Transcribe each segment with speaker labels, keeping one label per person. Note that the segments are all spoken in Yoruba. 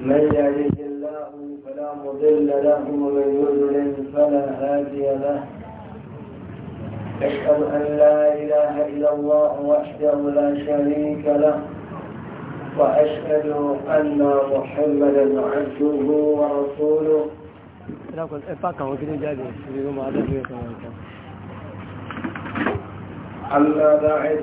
Speaker 1: من يهده الله فلا مضل له ومن يضلل فلا هادي له أشهد أن لا إله إلا الله وحده لا شريك له وأشهد أن محمدا عبده ورسوله أما بعد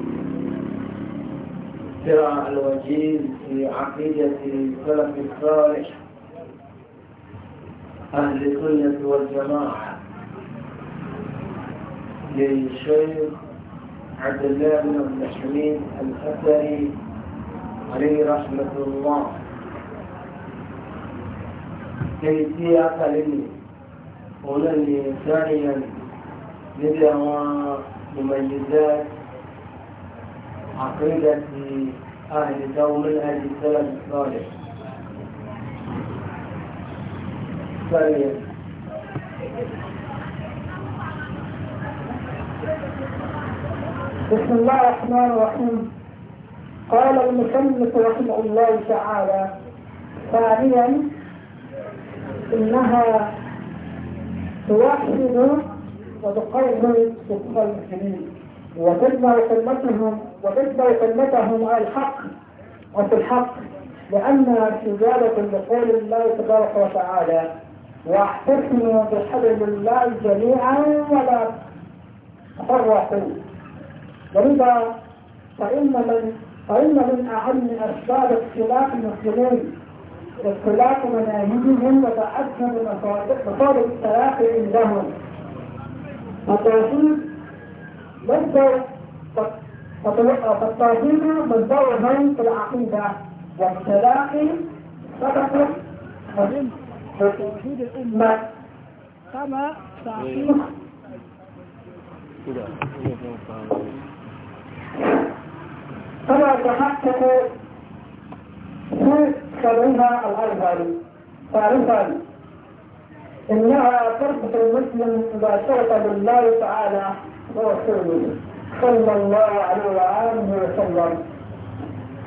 Speaker 1: الصراع الوجيز في عقيدة السلف الصالح أهل السنة والجماعة للشيخ عبد الله بن عبد الحميد الأثري عليه رحمة الله كيفية لي هنا ثانيا ندعو مميزات عقيدة أهل من أهل الثلاث الصالح طيب.
Speaker 2: بسم الله الرحمن الرحيم قال المسلط رحمه الله تعالى ثانيا انها توحد وتقرب بالخلق وتجمع كلمتهم وتتبع مع الحق وفي الحق لأنها استجابة لقول الله تبارك وتعالى واعتصموا بحبل الله جميعا ولا تفرقوا ولذا فإن من فإن من أهم أسباب اختلاف المسلمين اختلاف مناهجهم وتعدد مصادر التلاقي عندهم التوحيد ليس فالتوحيد متزوج في العقيدة والتلاقي صدقة توحيد الأمة كما تحقق في كلمة الأرض تعرفا إنها تربط المسلم مباشرة بالله تعالى ورسوله صلى الله عليه وآله وسلم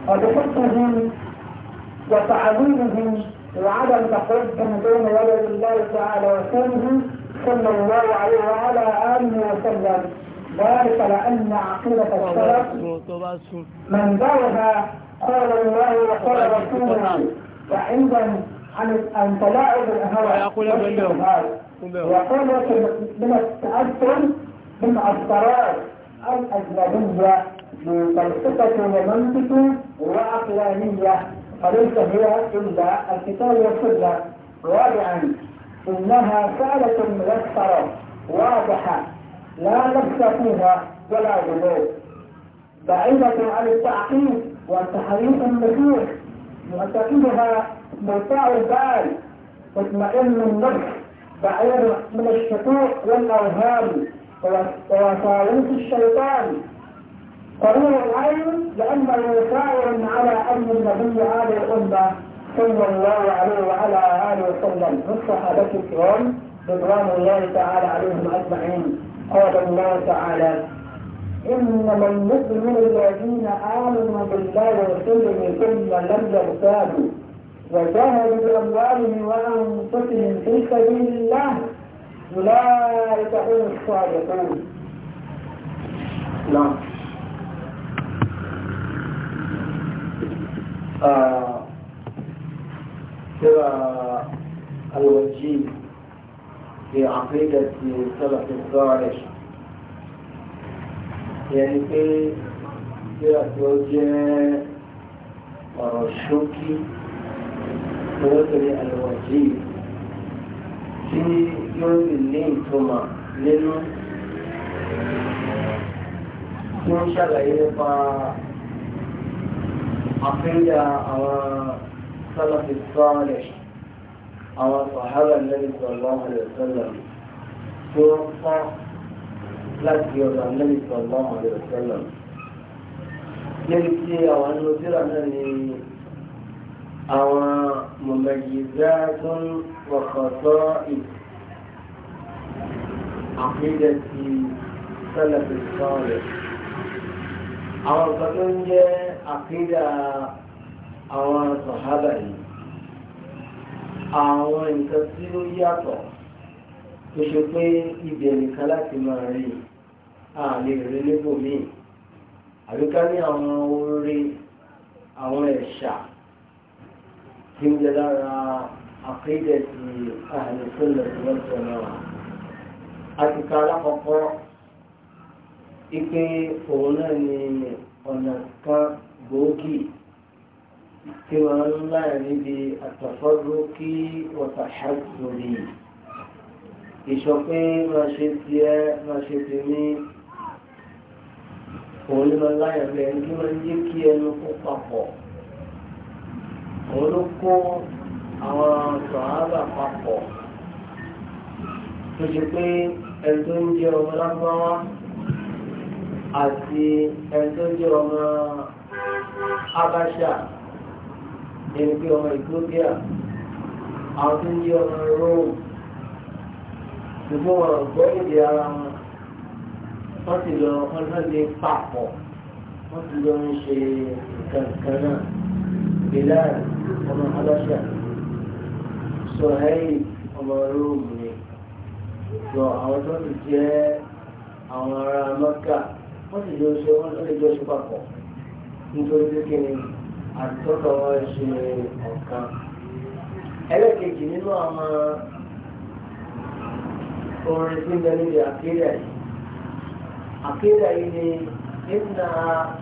Speaker 2: وبحكمه وتعليمه وعدم تقدم بين ولد الله تعالى وسنه صلى الله عليه وعلى آله وسلم ذلك لأن عقيدة السلف من دعوها قال الله وقال رسوله وعندهم عن تلاعب الهوى والشبهات وقوة من التأثر بالأسرار الأجنبية من فلسفة ومنطق وعقلانية فليس هي إلا الكتاب والسنة رابعا إنها سألة ميسرة واضحة لا نفس فيها ولا غلو بعيدة عن التعقيد والتحريف المسيح يعتقدها مرتاع البال مطمئن النفس بعيد من الشكوك والأوهام ووساوس الشيطان قريب العين لأنه سائر على أن النبي هذه الأمة صلى الله عليه وعلى آله وسلم صحابه الكرام رضوان الله تعالى عليهم أجمعين قال الله تعالى إنما المؤمن الذين آمنوا بالله ورسوله ثم لم يرتابوا وجاهدوا بأموالهم وأنفسهم في سبيل الله أولئك هم الصادقون
Speaker 1: نعم ترى الوجيه في عقيدة سلف الصالح يعني في ترى الوجيه والشوكي ونظري الوجيه في tí ó sì ní ìtumọ̀ nínú tí ó ń ṣàlàyé nípa àfíńdà àwọn sálàfì sọ́ọ̀lẹ̀ àwọn sàhábà lẹ́yìn sallallahu alaihi wasallam tí ó fọ́ láti ọ̀dọ̀ lẹ́yìn sallallahu
Speaker 3: alaihi
Speaker 1: Níbi tí àwọn ẹnu náà ni àwọn mọ̀mọ̀yí záàtún wọ̀kọ̀tọ́ ìtì عقيدة سلف الصالح àwọn nǹkan tó ń jẹ́ àkídà àwọn sàhábà yìí àwọn nǹkan tí ó yàtọ̀ tó ṣe pé ibẹ̀ nìkan láti máa rí àlè rí níbòmíì àbíká ní àwọn orí àwọn ẹ̀ṣà tí ń àtìkà alákọ̀ọ́kọ́ ike òun náà ni ọ̀nà kan gbòógì tí wọ́n ń láyà níbi àtọ̀fọ́dún kí wọ́tà ṣàtúnrí ìṣọ̀pín máa ṣe tiẹ̀ máa ṣe tèmi òun ni máa láyà bẹ́ẹ̀ ní máa ń jẹ́ kí ẹnu kó papọ̀ òun ló kó àwọn sọ̀hábà papọ̀ tó ṣe pé ẹni tó ń jẹ́ ọmọ lágbáwá àti ẹni tó ń jẹ́ ọmọ abáṣà ẹni pé ọmọ Ethiopia àwọn tó ń jẹ́ ọmọ Rome ṣùgbọ́n wọn gbọ́ èdè ara wọn wọ́n ti lọ wọ́n náà lè wọ́n ti lọ ń ṣe kankan náà Bilal ọmọ abáṣà Sọ̀hẹ́yì ọmọ Rome sọ àwọn tó ti jẹ́ àwọn ará mọ́kà wọ́n sì lè ṣe wọ́n lè jọ ṣe papọ̀ nítorí pé kí ni àtúntò wọn ṣe ọ̀kan. ẹlẹ́kejì nínú àwọn orin tí ń bẹ níbi àkéèdà yìí àkéèdà yìí ni ìnà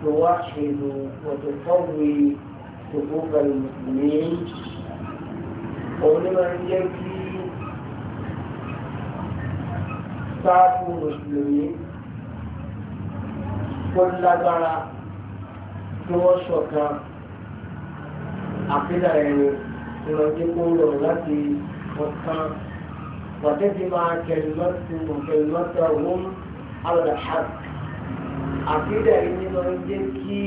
Speaker 1: tòwá ṣèlú ọ̀tọ̀ fọ́wé tòkó pẹ̀lú mùsùlùmí òun ni máa ń jẹ́ kí sáájú mùsùlùmí tó lágbára tí wọ́n ṣọ̀kan àfihàn ẹ̀rọ ìrọ̀jẹ́ kó lọ láti ọ̀kan wàtẹ́sí máa kẹlùmọ́tò kẹlùmọ́tò ọ̀hún alọ́dà hàk àfihàn ẹ̀rọ ìrọ̀jẹ́ kí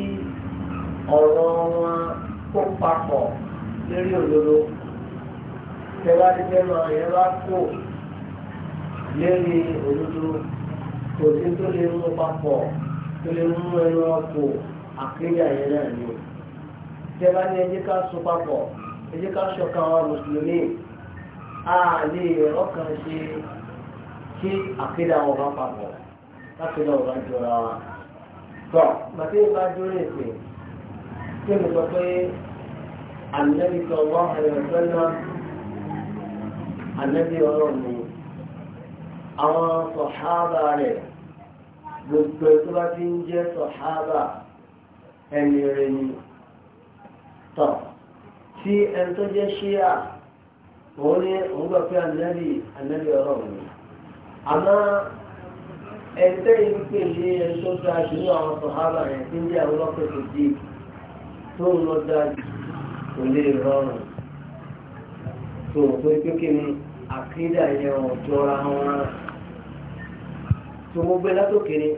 Speaker 1: ọ̀rọ̀ wọn kó papọ̀ lórí òdodo tẹ́wádìí tẹ́lọ̀ yẹn kó lẹ́ni òdodo kò sí tó lè mú papọ̀ tó lè mú ẹnu ọkọ̀ àkéyà yẹn náà ni. Ìjọba ní ẹjẹ́ ká so papọ̀ ẹjẹ́ ká ṣọ̀kan àwọn mùsùlùmí a lè ọkàn ṣe kí àkéyà wọn bá papọ̀ láti lọ bá jọra wa. Tọ́ bàtí ìbá dúró ìpè tí mo sọ pé ànábì kan wá ẹ̀rọ ìfẹ́ náà ànábì ọlọ́run àwọn sọ̀hábà rẹ̀ gbogbo tó bá ti ń jẹ́ sọ̀hábà ẹni rẹ̀ ni tọ̀ tí ẹni tó jẹ́ ṣíà òun ní òun gbà pé ànábì ànábì ọ̀rọ̀ mi àmọ́ ẹni tẹ́yìn ń pè ní ẹni tó dáa jù ní àwọn sọ̀hábà rẹ̀ tí ń jẹ́ àwọn ọlọ́pẹ̀ tó di tó ń lọ dáa kò lè rọrùn tó ń pé pé kí ni àkídà yẹn ọ̀jọ́ra wọn rárá tó mo gbé látòkèrè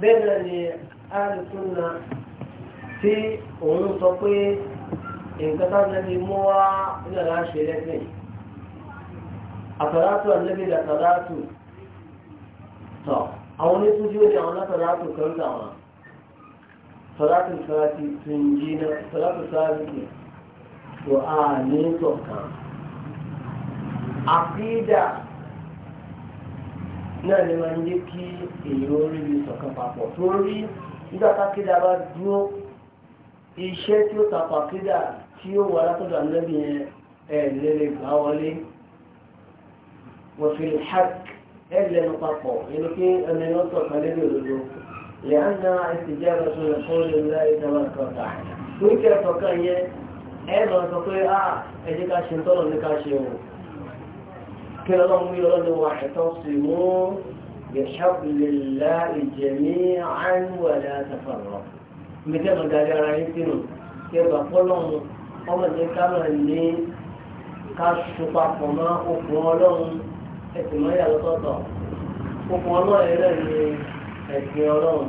Speaker 1: bẹ́ẹ̀ náà ni alùsùnà tí òun sọ pé nǹkan táwọn ẹni mú wá nígbà ṣe lẹ́sìn àtàlátù àlẹ́bí àtàlátù tọ̀ àwọn onítújú ó di àwọn látàlátù kan tàwọn tọ́látù sáàtì tún jí náà tọ́látù sáàtì tó a ní sọ̀kan àkídà náà ni máa ń yé kí èèyàn orí mi sọ̀kan papọ̀ torí nígbà tákéda bá dúró iṣẹ́ tí ó tapà kéda tí ó wà látọ̀dọ̀ ànábì yẹn ẹ̀ lẹ́lẹ̀ gbà wọlé wọ̀fìn hàk ẹ̀ lẹ́nu papọ̀ yẹn pé ẹni wọn sọ̀kan lẹ́nu òdodo lẹ́yìn ìsìnjẹ́ ìrọ̀sùn rẹ̀ fún olùlá ìjọba kọta wíkẹ́ sọ̀kan yẹn ẹ̀ lọ sọ pé ah, ẹ̀jẹ̀ ká ṣe tọ́lọ̀ ní ká ṣe òun kí ọlọ́run yọ lọ́dọ̀ wà ẹ̀tọ́ sí mú yẹ̀ṣàbìlélá ìjẹ̀mí àìwọ̀lá àtàfàrọ̀ mẹ́tẹ́ mọ̀ dájú ara yín sínú kí ẹ bá fọ́lọ́run ọmọ ìdí kámọ̀ ní ká ṣùpapọ̀ mọ́ okùn ọlọ́run ẹ̀sìn mọ́ ìyàlọ́ tọ̀tọ̀ okùn ọlọ́run ẹ̀rẹ́ ni ẹ̀sìn ọlọ́run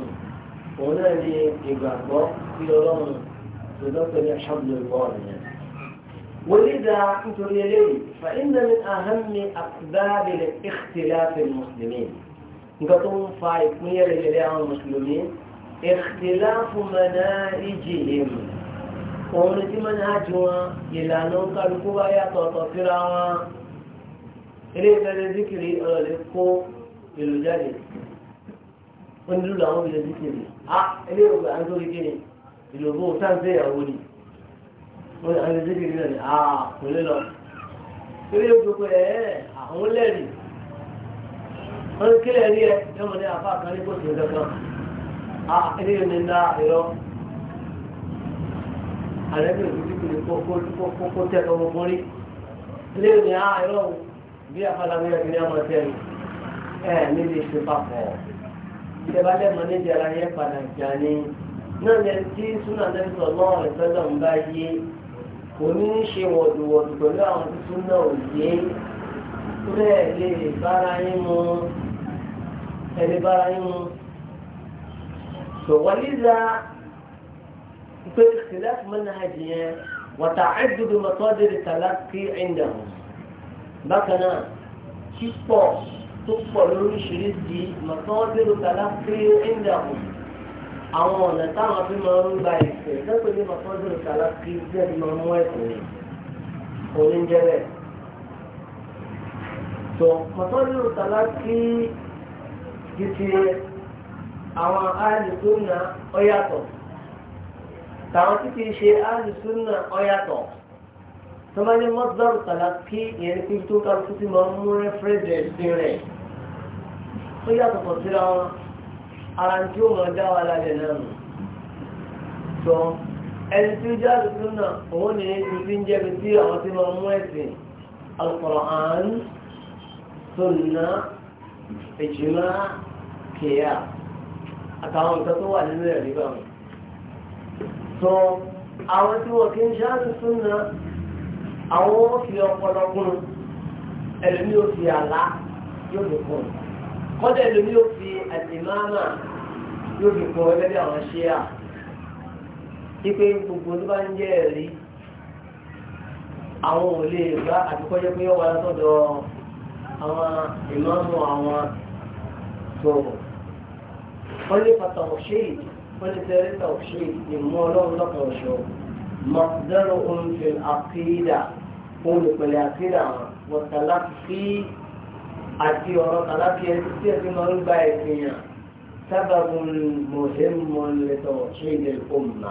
Speaker 1: òun náà ni ìgbàgbọ́ sí ọlọ́run ṣùgbọ́n pẹ̀lú ẹ̀ṣàbìlélá ọ̀rẹ́ yẹn ولذا انتم فان من اهم اسباب الاختلاف المسلمين نقطون فايف من يلي المسلمين اختلاف مناهجهم قولت مناهجهم الى نوكا الكوبايا توتوكرا إليه بل ذكري أغلقو بالجالي وندلو لهم بل ذكري أه إليه بل أنتو لكني إلو بو سانسي أولي àwọn ìdíje nílẹ̀ ni àà kò lè lọ torí gbogbo ẹ̀ àwọn lẹ́rìí wọ́n ti kílẹ̀ rí ẹ lọ́mọ ní afá kan ní kò sí kankan à ah, ilé yìí ní ńlá ìrọ́ àrẹ́bí òbí kò lè kókó tẹ́ ọmọ ọmọkùnrin rí ilé yìí ní à ah, ìrọ́ bí afáláwé ẹ̀ ní ọmọ tẹ́ ẹ níbi ìṣèpapọ̀ ìjọba lẹ́mọ ní ìjọba yẹn padà jà ní náà lẹ́ni tí súnà lẹ́sọ̀ lọ́wọ́ ìfẹ́ lọ́mùbá yé kò ní í ṣe wọ̀dùwọ̀dù pẹ̀lú àwọn tuntun náà ò yé bẹ́ẹ̀ lè bára yín mu ẹni bára yín mu. sọ̀wọ́líza pé ìsìláàfù manhaj yẹn wọ́tà ẹ́dùdù mọ́tọ́dẹ̀rì tàlákì ẹ̀ńdàmù. bákan náà kíkọ́ tó pọ̀ lóríṣiríṣi mọ́tọ́dẹ̀rì tàlákì ẹ̀ńdàmù àwọn ọ̀nà táwọn fi máa ń gba ẹ̀sẹ̀ lẹ́pẹ́ ní mọ̀tọ́dún ìtàlá kí díẹ̀ ní máa mú ẹ̀sìn ní oníjẹ́rẹ̀. tó mọ̀tọ́dún ìtàlá kí títí àwọn alùsùnà ọ̀yàtọ̀ táwọn títí ṣe alùsùnà ọ̀yàtọ̀ tó máa ní mọ́tọ́dún ìtàlá kí ìyẹn kí tó kálukú ti máa mú rẹ́fẹ́rẹ́dẹ̀ẹ́sì rẹ̀ ó yàtọ̀ pọ̀ síra wọn ara tí ó mọ̀ dá wa lálẹ́ náà nù sọ ẹni tí ó jẹ́ àdúgbò náà òun ní ibi ń jẹ́bi tí àwọn tí wọ́n mú ẹ̀sìn Al-Qur'an sunna ijma kìíyà àtàwọn nǹkan tó wà nínú ẹ̀rí bá wọn sọ àwọn tí wọ́n kí ń ṣáàtú sunna àwọn ó fi ọpọlọ kún ẹ̀rí ni ó fi àlá yóò fi kún un kọ́dà ló ní ó fi àdìmáàmà yóò fi kọ́ ẹgbẹ́ bí àwọn ṣe à ipe gbogbo tó bá ń jẹ́ ẹ̀rí àwọn ò lè bá àbíkọ́jẹ́ pé wọ́n wá sọ́dọ̀ àwọn ìmáàmù àwọn tọ̀wọ̀ wọ́n lè pàtàkì ṣe ìdí wọ́n lè tẹ́lẹ̀ tàkì ṣe ìdí mú ọlọ́run lọ́kàn ọ̀ṣọ́ mọ̀tẹ́rù oúnjẹ àkídà olùpẹ̀lẹ̀ àkídà wọn wọ́n tàlá fi àti ọ̀rọ̀ kàláfíà ẹni tí ẹni máa ń gba ìpìyàn sábàbù mọ̀hẹ́mọ̀ lẹ́tọ̀ ṣe ilẹ̀ òmùmá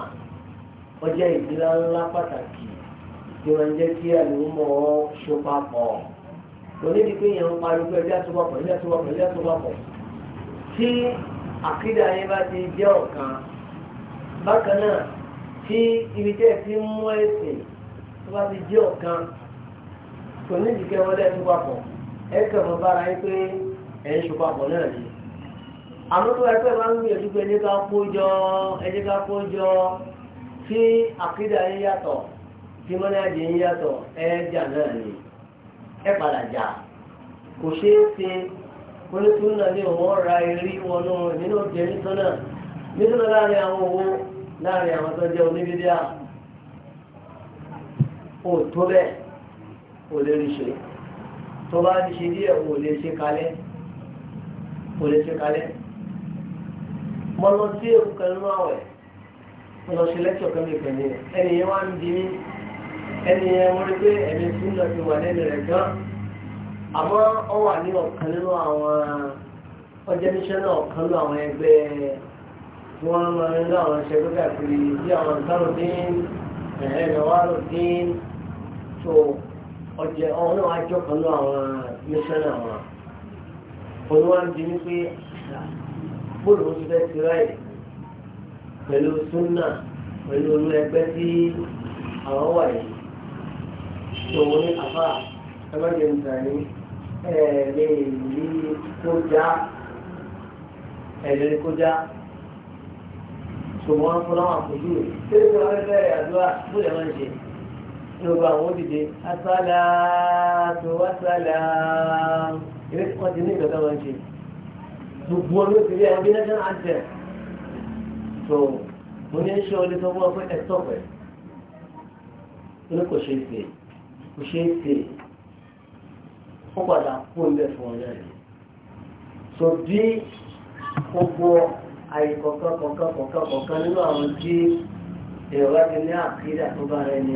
Speaker 1: ọjọ́ ìdílá ńlá pàtàkì tí wọ́n ń jẹ́ kí àlùmọ̀ ọ́ ṣó papọ̀ onídìí pé èèyàn ń pariwo ẹjẹ́ àtúbọ̀pọ̀ ẹjẹ́ àtúbọ̀pọ̀ ẹjẹ́ àtúbọ̀pọ̀ tí àkídà yẹn bá ti jẹ́ ọ̀kan bákan náà tí ibi tẹ́ ẹ ti mú ẹ̀sìn tó bá ti jẹ́ ọ̀kan kò nídìí kẹ́ wọ́n dẹ́ àtúbọ̀pọ̀ ẹ kẹ̀mọ́ bára yín pé ẹ̀ ń ṣùpá pọ̀ náà ni àmọ́ tó ẹgbẹ́ máa ń gbìyànjú pé ẹni ká kó jọ ẹni ká kó jọ tí àkídà yín yàtọ̀ tí mọ́nájì yín yàtọ̀ ẹ jà náà ni ẹ padà jà kò ṣeé ṣe onítúrú náà ní òun ọ̀ra eré wọnú nínú òjò nítorí náà nítorí láàrin àwọn owó láàrin àwọn tó jẹ́ oníbídíà ò tó bẹ́ẹ̀ ò lè rí ṣe tó bá ti ṣe díẹ̀ wò lè ṣe kalẹ̀ wò lè ṣe kalẹ̀ mo lọ sí ewu kan nínú àwẹ̀ mo lọ ṣe lẹ́kṣọ̀ kan lè pẹ̀lú ẹni yẹn wá ń di mí ẹni yẹn mo rí pé ẹ̀mí tún lọ ti wà lẹ́nu rẹ̀ gan àmọ́ ọ wà ní ọ̀kan nínú àwọn ọjọ́ níṣẹ́ náà ọ̀kan nínú àwọn ẹgbẹ́ wọn máa ń lọ àwọn iṣẹ́ gbẹ́gbẹ́ àti bí àwọn sárodín ẹ̀hẹ́ ìnáwó àròdín tó ọjẹ ọ̀hún náà wájú ọ̀kan náà àwọn mísánà wọn òun wá ń bi mí pé bóòlù mo ti fẹ́ ti ráì pẹ̀lú súnà pẹ̀lú olú ẹgbẹ́ tí àwọn wà yìí tó wọn ní àfà ẹgbẹ́jẹ̀ nìkan ní ẹ̀ẹ́dẹ̀ ní kójá ẹ̀ẹ́dẹ̀ kójá ṣùgbọ́n fúnra wọn kò dúró. ṣé ìgbà wọn àdúrà bóòlù ẹ̀ máa ń ṣe? lọ́gbà àwọn òdìdè asálà tó wásálà eré tí wọ́n ti ní ìgbàgbọ́ wọn ṣe gbogbo ọdún ó ti rí ẹbí national anthem tó mo ní ṣe ọdún tó wọ́n fún ẹ̀tọ́ pẹ̀ ní kò ṣe é ṣe kò ṣe é ṣe ó padà kó ń bẹ fún ọjọ́ rẹ̀ tó bí gbogbo àyè kọ̀ọ̀kan kọ̀ọ̀kan kọ̀ọ̀kan nínú àwọn tí èrò láti ní àkídà tó bá rẹ̀ ní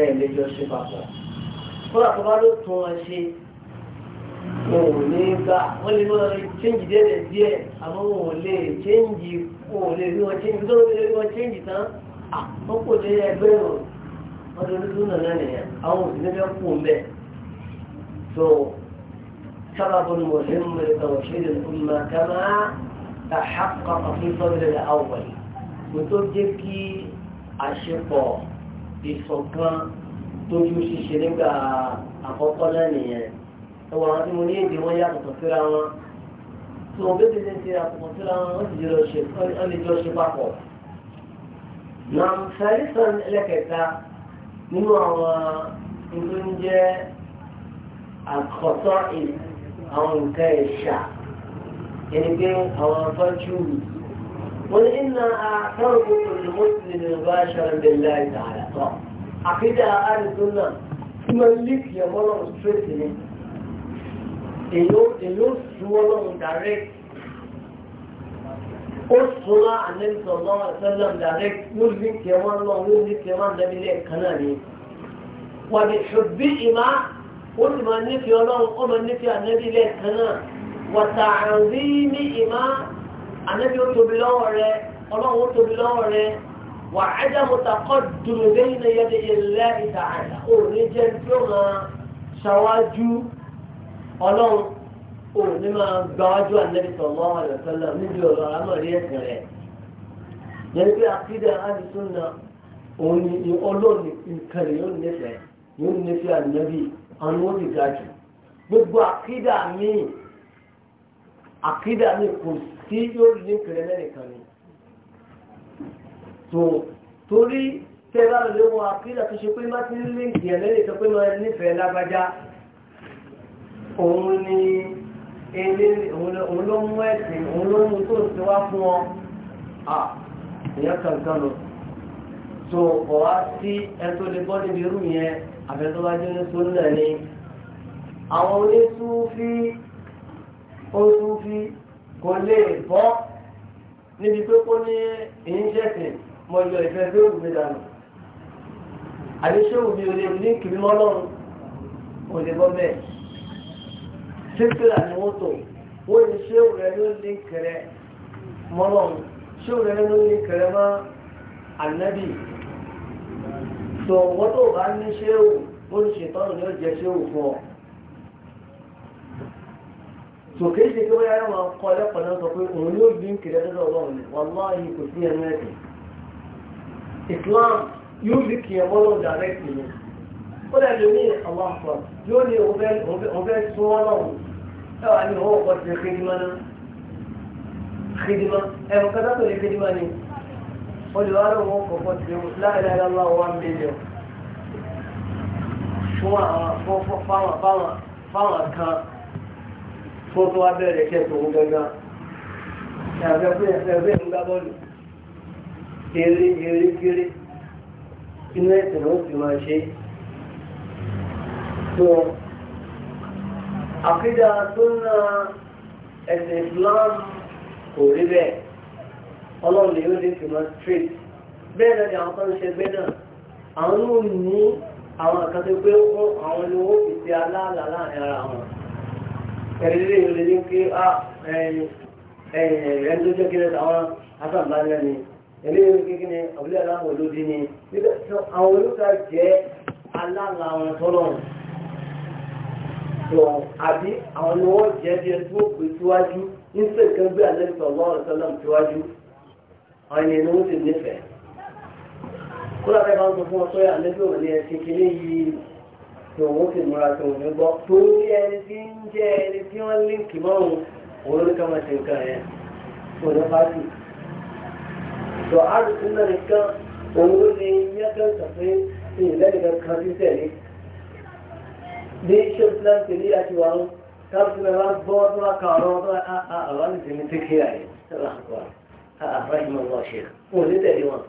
Speaker 1: ẹ lè jọ ṣe papọ̀ kódà tó bá ló tún wọn ṣe
Speaker 3: wọn ò ní gbà
Speaker 1: wọn lè máa chéǹjì déédéé díẹ̀ àmọ́ wọn ò lè chéǹjì wọn ò lè rí wọn chéǹjì tó lè rí wọn chéǹjì tán wọn kò lè ẹgbẹ́ wọn wọn lè dúdú nàná nìyẹn àwọn òsì níbẹ̀ kú mbẹ́ tó سبب مهم لتوحيد الأمة كما تحقق في صدر الأول وتبدأ كي àṣepọ̀ ìṣọ̀kan tójú ṣíṣe nígbà àkọ́kọ́ náà nìyẹn ẹwà àwọn tí mo ní èdè wọn yàtọ̀ síra wọn tó wọn bébí ṣe ń ṣe àtọ̀tọ̀ síra wọn wọ́n sì jẹ́ lọ ṣe papọ̀. na fẹ́rẹ́sàn ẹlẹ́kẹta nínú àwọn tó ń jẹ́ àkọ́tọ́ àwọn nǹkan ẹ̀ṣà ẹni pé àwọn fọ́jú rù wọ́n iná àtọ́rùkù olùmọ́sílẹ̀ bá ṣàrẹ̀ bẹ̀lá ìtààlà tọ́ àkídà àrùtún náà tí wọ́n líkì ọmọlọ́run straight ni èyí ó sún ọlọ́run direct ó súnmọ́ àlẹ́sọ̀ lọ́wọ́ sẹ́lẹ̀m direct ló líkì ọmọlọ́run ló líkì ọmọdébílẹ̀ kan náà ni wọ́n ni ṣùgbí ìmá ó sì máa nífẹ̀ẹ́ ọlọ́run ó máa nífẹ̀ẹ́ àdébílẹ̀ kan náà wọ́n ta àrùn rí ní ìmá ànábì ó tóbi lọ́wọ́ rẹ ọlọ́run ó tóbi lọ́wọ́ rẹ wà á jẹ́ mo takọ́ dùnú bẹ́yìn náà yẹ kí ilẹ̀ ìta àdá ò ní jẹ́ tí ó máa ṣàwájú ọlọ́run ò ní máa gbáwájú ànábì sọ̀mọ́ àlọ́sọ́lá níbi ọ̀rọ̀ àmọ̀rí ẹ̀sìn rẹ̀ yẹn pé àkídà àdìsún náà òun ni ọlọ́run nìkan yóò nífẹ̀ẹ́ yóò nífẹ̀ẹ́ ànábì àwọn ó ti ga jù gbogbo àkídà míì àkídà míì kò sí tí yóò lé kẹrẹ mẹ́nìkan ni tó torí tẹ́lá lè wọ àkílà tó ṣe pé má ti lé ìdíyẹ mẹ́nìkan pé máa nífẹ̀ẹ́ lágbájá òun ni ilé òun ló mú ẹ̀sìn òun ló mú tó ti wá fún ọ ìyẹn kankan lọ tó ọ̀wá sí ẹ̀tọ́ lè bọ́ níbi irú yẹn àfẹ́tọ́wájú ní sóńdà ni àwọn onísúfí onísúfí kò lè bọ́ níbi pé kó ní ìyíṣẹ́sìn mọ ìlọ ìfẹ́ tó wù mí dànù àdéṣẹ́wù mi ò lè ní kìrì mọ́ lọ́rùn kò lè bọ́ bẹ́ẹ̀ sípìlà ni wọ́n tò wọ́n ní ṣéwù rẹ ló ní kẹrẹ mọ́ lọ́rùn ṣéwù rẹ ló ní kẹrẹ mọ́ ànábì tó wọ́n tó bá ní ṣéwù ó ní ṣètọ́nù ní ó jẹ ṣéwù fún ọ tò kéé ṣe pé wáyà máa kọ́ lẹ́kọ̀ọ́ náà sọ pé òun yóò bí ń kiri ẹ̀dọ́dọ̀ ọlọ́run ni wàláhì kò sí ẹnu ẹ̀sìn Islam yóò bí kì í bọ́lọ̀ dàrẹ́kì ni ó dẹ̀ lè ní àwọn àpò yóò ní òun fẹ́ sún ọlọ́run ẹ wà ní òun ọkọ̀ ti kéjìmá náà kéjìmá ẹ̀rù kátà tó lè kéjìmá ni olùwárò wọn kọ̀ọ̀kọ̀ ti láìláìláwà one million fún àwọn fáwọn kan fún tó wá bẹ̀rẹ̀ iṣẹ́ tòun gangan ẹgbẹ́ ń gbá bọ́ọ̀lù kéré kéré kéré inú ẹ̀sìn ló sì máa ṣe tó àkídà tó ń na ẹ̀sìn Islam kò rí bẹ́ẹ̀ ọlọ́run lè yóò lè fi máa straight bẹ́ẹ̀ náà ni àwọn kan ń ṣẹgbẹ́ náà àwọn ló ní àwọn àkàtúntò pé àwọn ni wọ́n fi ṣe aláàlá láàrin ara wọn kẹrìndínlẹ́ yìí lè ní pé ah, ẹni tó jẹ́ kílẹ̀ àwọn afẹ́bàlẹ́ ni eléyìí ní kíkí ni ọ̀bílẹ̀ aláwọ̀ olódi ni àwọn olùkà jẹ́ alára àwọn tọ́lọ̀ tó àbí àwọn ni wọ́n jẹ́ bí ẹni tó pè síwájú ní sèkán gbé àlẹ́sọ̀ lọ́wọ́ sọ́lọ̀ síwájú àwọn ènìyàn ni wọ́n ti nífẹ̀ẹ́ kó lọ́pẹ́ bá ń sọ fún ọ tó wọ́n sì múra tó wọ́n gbọ́ torí ẹni tí ń jẹ́ ẹni tí wọ́n líǹkì mọ́rùn òun ló ní ká máa ṣe nǹkan yẹn òun ló fásì. tó àrùn náà nìkan òun ni yẹ́kẹ́ sàpé ìlẹ́nìkan kan sí tẹ̀lé. bí ṣọ́ọ̀tìlá tẹ̀lé àti wà ń káàkiri ẹ̀rọ gbọ́ tó wà ká ọ̀rọ̀ tó àwọn ah, ah, ah, àti tèmi tí kí àyè sọ̀rọ̀ àkọ́ àbáyìmọ̀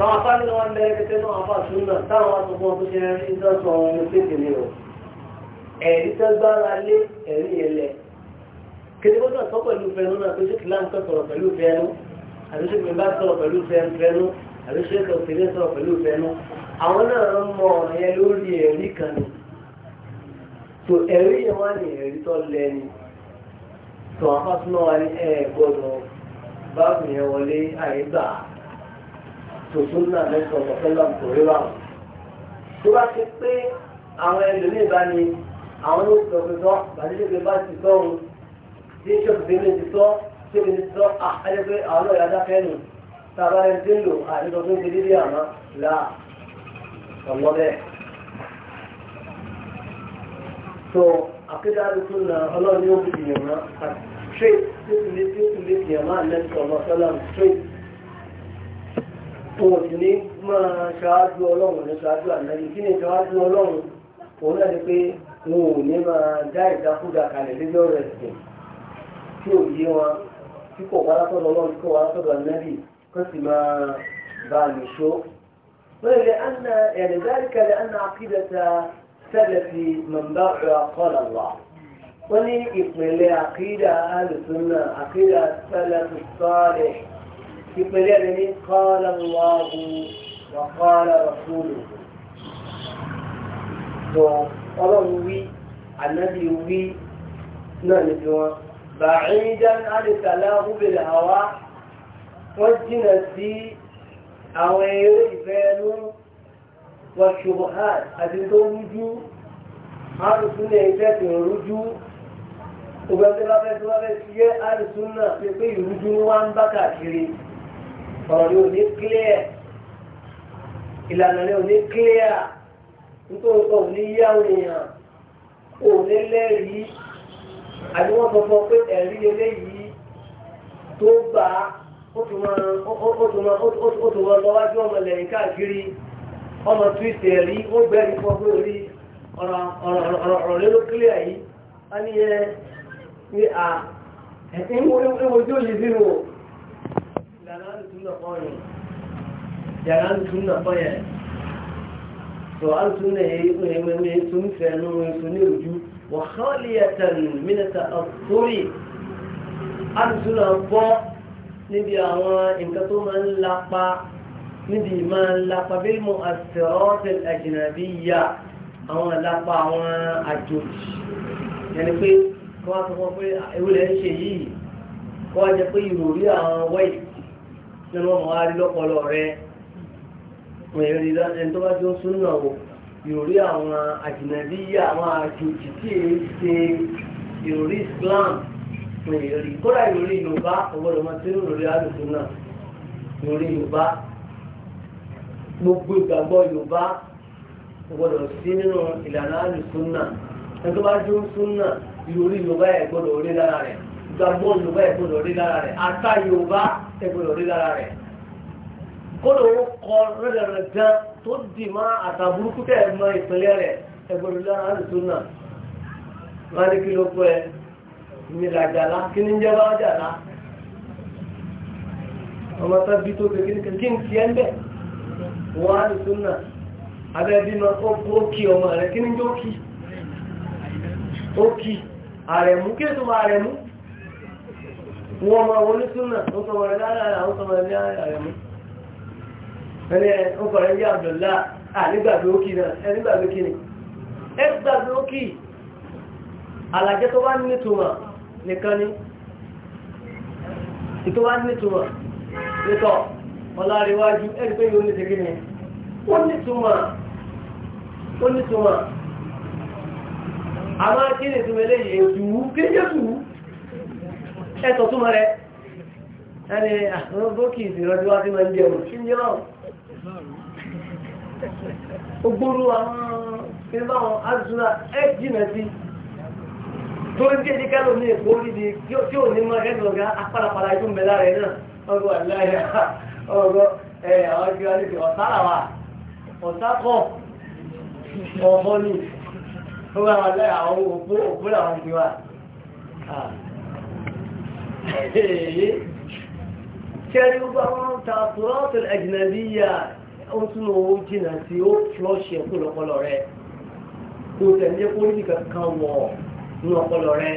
Speaker 1: táwọn afá nínú wọn bẹ́ẹ̀ pé tẹ́lẹ̀ afá sùn náà táwọn àtúntò wọn tó ṣe rí iná sọ wọn ní pèsè ní o ẹ̀rí tẹ́ gbára lé ẹ̀rí yẹn lẹ̀ kéde kó náà sọ pẹ̀lú fẹnu náà pé ṣéèkì láǹkà sọ̀rọ̀ pẹ̀lú fẹnu àbí ṣéèkì mi bá sọ̀rọ̀ pẹ̀lú fẹnu àbí ṣéèkì òkèlè àwọn náà ń mọ ọ̀rọ̀ lórí ẹ̀rí kan ni tó ẹ̀rí yẹn wá ẹ̀rí tó lẹ́ni tó àfàsúná tòtún náà lẹ́sọ̀ ọ̀sẹ̀lọ̀ kò rí wa. tó bá ti pé àwọn ẹlòmíì bá ní àwọn ló sọ pé sọ bàdéjọba bá ti sọ òun tí sọ́ọ̀bù bí mi ti sọ síbi ti sọ àyẹ pé àwọn ọ̀yà dákẹ́ nù tábà rẹ̀ ti ń lò àdéjọ tó ń ti dídí àná là ọ̀wọ́ bẹ́ẹ̀. tó akédáàlú tó na ọlọ́run yóò fi yàn án àti tíré tó ti lé tó ti lé yàn án lẹ́sọ̀ ọ̀sẹ̀lọ̀ tíré wọn ni ṣáájú ọlọ́run òun náà ni pé wọn ò ní máa dá ìdákúdà kalẹ̀ lórí ọ̀rọ̀ ẹ̀sìn tí ò yé wọn tí kò wá látọ̀dọ̀ ọlọ́run tí kò wá látọ̀dọ̀ ànáyé kó sì máa bá a lè ṣó. wọ́n lè ana ẹ̀rẹ̀ dárí kalẹ̀ ana àkídẹ́ta sẹ́lẹ̀ fi mọ̀nbá ọ̀rọ̀ àkọlà wà. wọ́n ní ìpínlẹ̀ àkídà alùsùn náà àkídà sẹ́lẹ̀ sọ́ọ̀rẹ̀ ìpele ẹni ní kọ́lá lọ́wọ́ wà kọ́lá rọ̀fúlù tó ọlọ́run wí ànábì wí náà ní tiwọn bàáyídán àdìsàlá húbìlì àwa wọ́n jìnà sí àwọn eré ìfẹ́ ẹnu wọ́n ṣòro hàn àti tó rújú àrùsùn ẹ̀fẹ́ tó rújú ògbẹ́ntẹ́ bá fẹ́ tó ọ̀rọ̀ ni ò ní clear ìlànà ni ò ní clear nítorí kan ò ní yá èèyàn ò ní lẹ́rìí àbí wọ́n sọ fún ọ pé ẹ̀rí eléyìí tó gbà á ó tún máa lọ́wájú ọmọ lẹ́yìn káàkiri ọmọ túwìtì ẹ̀rí ó gbẹ́rí fún ọ pé orí ọ̀rọ̀ lé ló clear yìí a ní ẹ ní à ẹ̀sìn ìwòjú òyìnbí wò yàrá ń tún náà kọ́ yẹn tó á tún náà yẹ ikú yẹn mẹ́mẹ́ tún fẹ́ nínú ètò ní ojú wà kháliyatan mínítà àkórí á tún náà bọ́ níbi àwọn nǹkan tó máa ń lapa níbi máa ń lapa bí mo àtẹ̀rọ́tẹ̀ àjìnàbí yá àwọn lapa àwọn àjòjì yẹni nínú ọmọ wa rí lọ́pọlọ rẹ mẹ̀rin ẹni tó bá jó súnà wò ìròrí àwọn àjìnàbíyà àwọn àjòjì tí èyí ṣe ìròrí Islam ìròrí kódà ìròrí Yorùbá ọgbọ́dọ̀ máa tẹ́lẹ̀ ìròrí àlùkò náà ìròrí Yorùbá gbogbo ìgbàgbọ́ Yorùbá ọgbọ́dọ̀ sí nínú ìlànà àlùkò náà ẹni tó bá jó súnà ìròrí Yorùbá ẹ̀ gbọ́dọ̀ orí lára rẹ̀ ìgbàgbọ́ yorùbá ẹ̀gbọ́dọ̀ rí lára rẹ̀ àṣà yorùbá ẹ̀gbọ́dọ̀ rí lára rẹ̀ kódò ó kọ rẹ̀rẹ̀ gan tó dì má àṣà burúkú tẹ̀ mọ ìpínlẹ̀ rẹ̀ ẹ̀gbọ́dọ̀ lára àlùsùn náà wọ́n ní kí ló pẹ́ ìmìlàjàlá kí ní jẹ́ bá jàlá ọmọ tó bí tó gbé kíní kí ní ti ẹ́ ń bẹ̀ wọ́n àlùsùn náà abẹ́bí ma ó kí ọmọ rẹ̀ kí ní jẹ́ ó kí ó kí àrẹ̀mú kí ètò máa rẹ̀mú wọ́n máa wọlé súnà ó sọ̀rọ̀ rẹ̀ lára ó sọ̀rọ̀ rẹ̀ lára mú ẹni ó kọ̀ rẹ̀ ń yá àbdùlá ànígbàgbé ókì náà ẹnigbàgbé kí ni ẹgbàgbé ókì alàjẹ́ tó bá nítumọ̀ nìkan ìtò nítumọ̀ nítọ̀ ẹni pé yóò ni ó nítumọ̀ ó nítumọ̀ àwọn ẹ̀tọ́ túmọ̀ rẹ̀ ẹni àwọn bókì ìsìnrọ́jú wá sí máa ń jẹun sí ń jẹ́ náà ogbóró àwọn ìrìnbá àwọn azùnà ẹ̀ jìnà sí tó ń jẹ́ díkálò ní èkó rídi tí ò ní máa ẹ̀dùn ọ̀gá apárapàrà ikú ń bẹ lára ẹ̀ náà ọgọ́ àláyà ọgọ́ ẹ̀ àwọn ìgbé wa níbi ọ̀sára wa ọ̀sákọ̀ ọ̀bọ ni ó wà òpó òpó làwọn ìgbé wa. kẹrin bá wọn ta tùrọ́tù ẹ̀jìnàbíyà ó tún lọ ó jìnà sí ó flọ́ọ̀ṣì ẹ̀kú lọ́pọlọ rẹ kò tẹ̀lé pólítì kankan wọ̀ ní ọpọlọ rẹ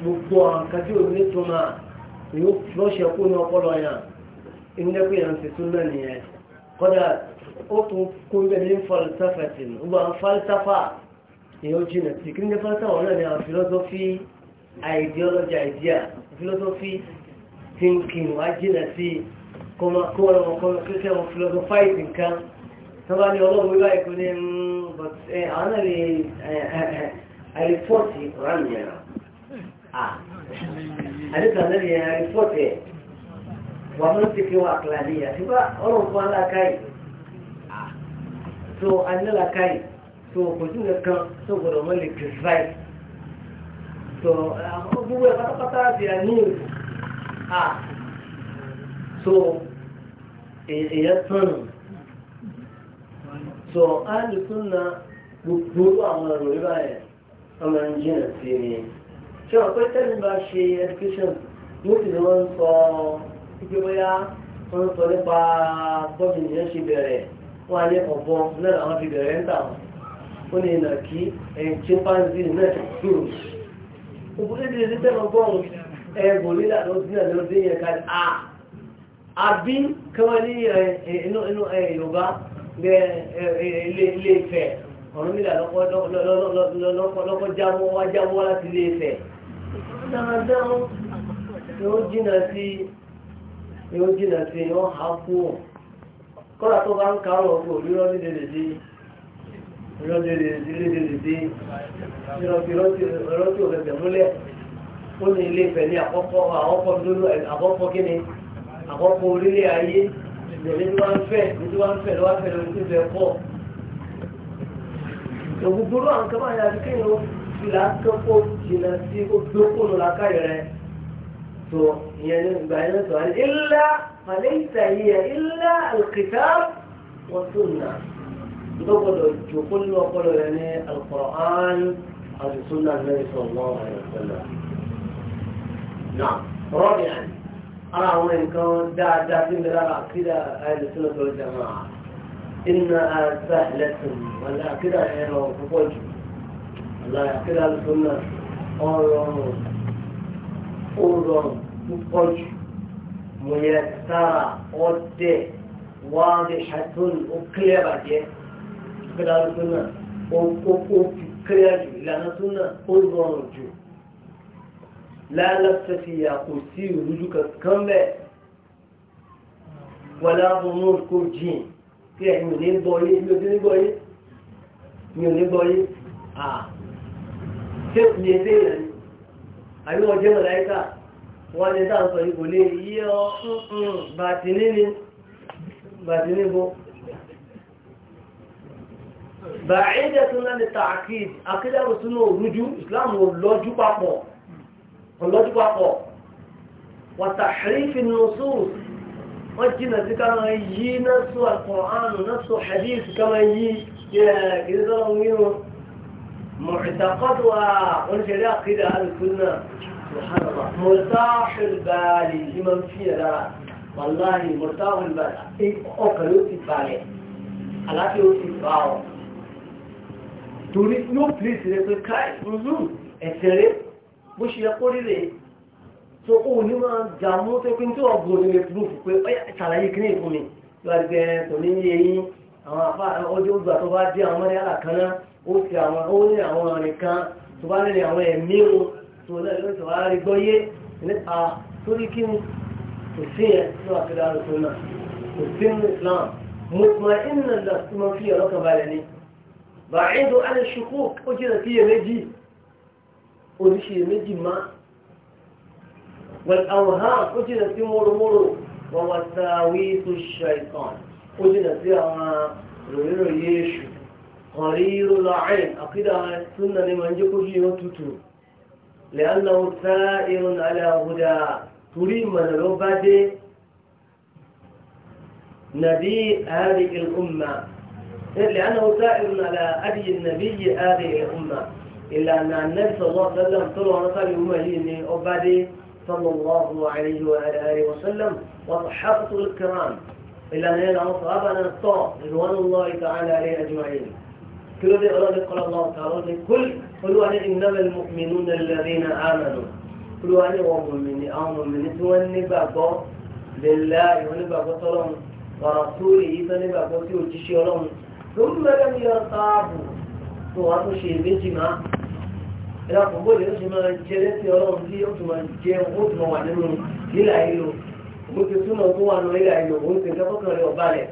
Speaker 1: gbogbo àwọn kan tí ò ní túmọ̀ yóò flọ́ọ̀ṣì ẹ̀kú ní ọpọlọ ideology idea philosophy thinking wá jìnà sí kọ́mọkọ́rọ̀ kọ́mọkọ́rọ̀ philosophize nǹkan tọ́ba ní ọlọ́run wíwá ikú ní hmm, but eh, àwọn náà lè àìlèpọ́ọ̀tì ọ̀rán yẹn àdìsá náà lè àìlèpọ́ọ̀tì ẹ̀ wà mọ́ sí kí wà kìláàdì yà síbá ọlọ́run fún aláàkáyì tó anílàkáyì tó kò sí nǹkan tó gbọdọ̀ mọ́ lè criticize sọ
Speaker 2: gbogbo ẹ̀ pátápátá di
Speaker 1: àníyàn à so èèyàn tánù so, alùpùpù náà gbogbo àwọn ọ̀rọ̀ rírà ẹ̀ ọmọ ẹnjìnà sí ni ṣé wọn pé tẹ́lẹ̀ bá ṣe education wọ́n sì ni wọ́n ń sọ pípé bóyá wọ́n ń sọ nípa bọ́ọ̀lù ìyẹn ṣe bẹ̀rẹ̀ wọ́n á ní ọ̀bọ náà àwọn fi bẹ̀rẹ̀ ń tà wọ́n ní ìnàkí ẹ̀ chimpanzee náà òkúté ti lè ní tẹ́lọ gbọ́rùn ẹgbò lílà lọ sí àjọ sí yẹn ká à àbí kọ́mọ ní inú inú yorùbá ilé Ifẹ̀ ọ̀run lílà lọ́kọ́ jámọ́ wá jámọ́ láti ilé Ifẹ̀
Speaker 2: dáadáa
Speaker 3: yóò
Speaker 1: jìnà sí yóò jìnà sí yóò há kú kọ́lá tó bá ń karùn-ún ọ̀pọ̀ òlúrọ́ nílé lè dé ìrọ́tí òfẹ́fẹ́ múlẹ̀ ó ní ilé ìfẹ́ ní àkọ́kọ́ àkọ́kọ́ dúró àkọ́kọ́ kí ni àkọ́kọ́ orílẹ̀ ayé ìjọba tí wọ́n fẹ́ tí wọ́n fẹ́ lọ́wọ́ fẹ́ lórí ìfẹ́ pọ̀. ògùgbòrò àwọn kan máa yàtọ̀ kéèyàn ó fi làákọ́kọ́ jìnnà sí gbókòló làákàyè rẹ̀ tó ìyẹn ní ìgbà yẹn tó wà ní ilá màlẹ́ ìtàyè ilá àlùkìtà wọ́n tó nà. بدقوا تقولوا لنا يعني القرآن حديث سنة النبي صلى الله عليه وسلم نعم رابعا أرى هنا إن كون دا دا في مرارة كده أهل السنة والجماعة إن سهلة ولا كده يعني هو فوج لا كده السنة أولهم أولهم فوج ميسرة أدي واضحة أكلبة kẹ́lá súnà ó fi kẹ́lá jù ìlànà súnà ó rọrùn jù lálàfẹ́fìyà kò sí ìrújú kankan bẹ́ẹ̀ wọlé ọmọ kò jìn kí ẹ̀yin ò ní gbọ́ yé mi ò ní gbọ́ yé mi ò ní gbọ́ yé à ṣé mi ẹ bẹ́ẹ̀ yẹn àbí wọ́n jẹ́ mọ̀láyíkà wọ́n ní sáà sọ yìí kò lè yí ọ bàtìní ni bàtìní bo bàáyédẹ̀ tó náà ní tààkìd akídàrò sínú òrújú islam ọlọ́jú papọ̀ ọlọ́jú papọ̀ wàtàhírífì nùsù wọ́n jìnà sí ká máa yí násù alkùnránù násù hadith ká máa yí kìrìsọ́rọ̀ nínú mọ̀rìtàkọ́tù wa wọ́n ṣẹlẹ̀ akídà alùsùnà mọ̀tàhìlbàlì yìí máa ń fi yàrá wàláhì mọ̀tàhìlbàlì torí yóò pèsè rẹ̀ pé káì ẹ̀sẹ̀ rẹ̀ bó ṣe yẹ kó rí rẹ̀ so ó ní máa dààmú tó pé tí wọ́n gbòòrò lè dúró fún pé ọ̀yà ṣàlàyé kíní ìfún mi yóò àti bẹ́ẹ̀ kò ní yé yín àwọn afá ọjọ́ ògbà tó bá dé àwọn ọmọdé àlàkánná ó ti àwọn ó àwọn ọ̀rìn kan tó bá lẹ́nu àwọn ẹ̀mí o tó lẹ́nu ni kò sí yẹn ní wàá Islam mo máa ń nà lọ sí mo fi ọ̀rọ̀ kan balẹ̀ ni bàáìdù alẹ́ṣùkú ó jìnà sí iyèméjì oníṣe iyèméjì má wẹ̀l àwọn ha ó jìnà sí mòròmòrò wọn wá sáwí tó ṣàìsàn ó jìnà sí àwọn ròyìnròyìn èṣù kọ̀ríró láàrín àkídà súnà ní ma ń jẹ́ kójú yóò tutù إيه، لأنه سائر على أبي النبي هذه الأمة إلا أن النبي صلى الله عليه وسلم طلع نصر أمهين أبدي صلى الله عليه وآله وسلم وصحابته الكرام إلا أن يلعن صحابنا الطاق رضوان الله تعالى عليه أجمعين كل ذي أراد قال الله تعالى كل قلوا أن إنما المؤمنون الذين آمنوا قلوا أن ومؤمن أو مؤمن توني لله ونبقى طلم ورسوله توني بقى ثم لم يرتابوا tó wá tó ṣe méjì máa ẹ̀dá kòkó lè ṣe máa jẹ lẹ́sìn ọlọ́run tí ó tún máa jẹ ó tún máa wà nínú nílà ìlò ó ti túnmọ̀ tó wà nínú nílà ìlò ó ti nǹkan kọ́kàn rẹ̀ ọ̀bá rẹ̀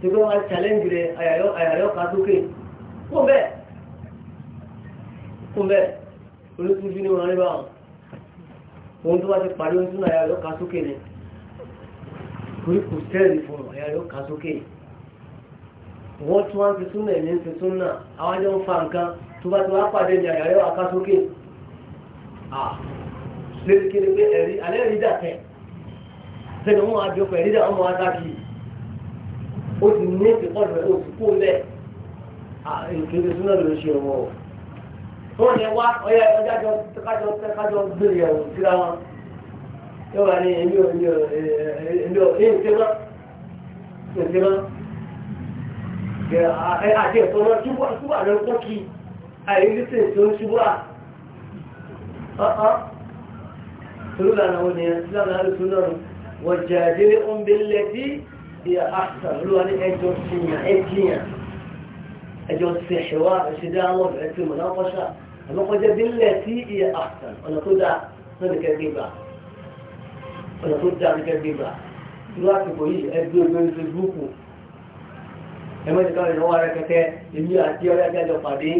Speaker 1: tí wọ́n wá challenge rẹ̀ àyàyọ́ ká sókè kò sẹ́ẹ̀lì fún àyàyọ́ ká sókè wọ́n tún wá ti fi súnà ẹ̀mí ń fi súnà àwọn ń fa nǹkan tó bá ti wá pàdé ní àyà yóò sókè à lérí kiri pé ẹ̀rí alẹ́ rí tẹ̀ sẹ́ni wọ́n á di ọkọ̀ ẹ̀rí dà dákì ó ti ní èsì pọ̀ lọ́wọ́ ó ti kó lẹ̀ ṣe wọ́n wọ́n yẹ wá kájọ àti ẹ̀kọ́ náà ṣubú àná ń kókì àìrísìn tó ń ṣubú à torí lànà wọn nìyẹn tí lànà àrùn tún náà wọ́n jẹ́ àdéré ọ̀nbẹ̀lẹ̀ tí ìyá àṣà lóra ní ẹjọ́ ṣìyàn ẹjìyàn ẹjọ́ ṣèṣẹ̀wá ìṣẹ̀dá àwọn ọ̀rẹ́ tí mo náà kọ́ṣà àmọ́ bílẹ̀ tí ìyá àṣà ọ̀nà tó dáa náà nìkẹ́ ẹgbẹ́ ti káwọn ìnáwó ara kẹtẹ èmi àti ọ̀rẹ́ ajájọ pàdé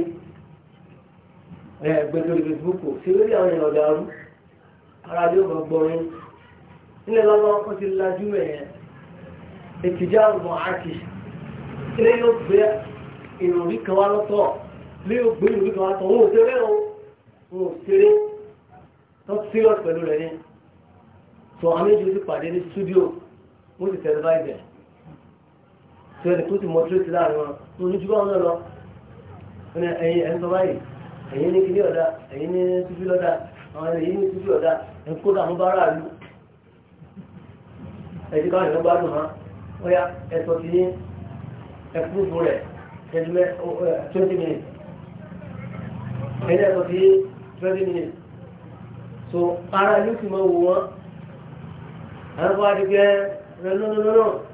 Speaker 1: ẹgbẹ́ lórí Facebook sí lórí àwọn èèyàn ọ̀darú ara yóò mọ̀ gbọ́rin nílẹ̀ lọ́wọ́ wọ́n ti lajú ẹ̀ ètìjà ọ̀rùn àkì ilé yóò gbé ìròrí kan wá lọ́tọ̀ ilé yóò gbé ìròrí kan wá tọ̀ wọn ò ṣeré o wọn ò ṣeré tó serious pẹ̀lú rẹ̀ ni so àmì ìjọba ti pàdé ní studio wọ́n ti tẹ̀lé báyìí tí ẹni tó ti mọ tírétì láàrin wọn ní oníjú báwọn náà lọ ẹni ẹyin ẹni sọ báyìí ẹyin ní kíní ọ̀dà ẹyin ní títí lọ́dà àwọn ẹyin ní títí ọ̀dà ẹ kó dà fún bárà lù ẹtì káwọn èèyàn gbádùn hàn ó yá ẹsọ ti ní ẹkúrúfú rẹ ẹdùnmẹ twenty minutes ẹyìn ẹsọ ti ní twenty minutes so ara ló ti mọ wò wọn àwọn fún wa ti gbẹ rẹ lọ́nà lọ́nà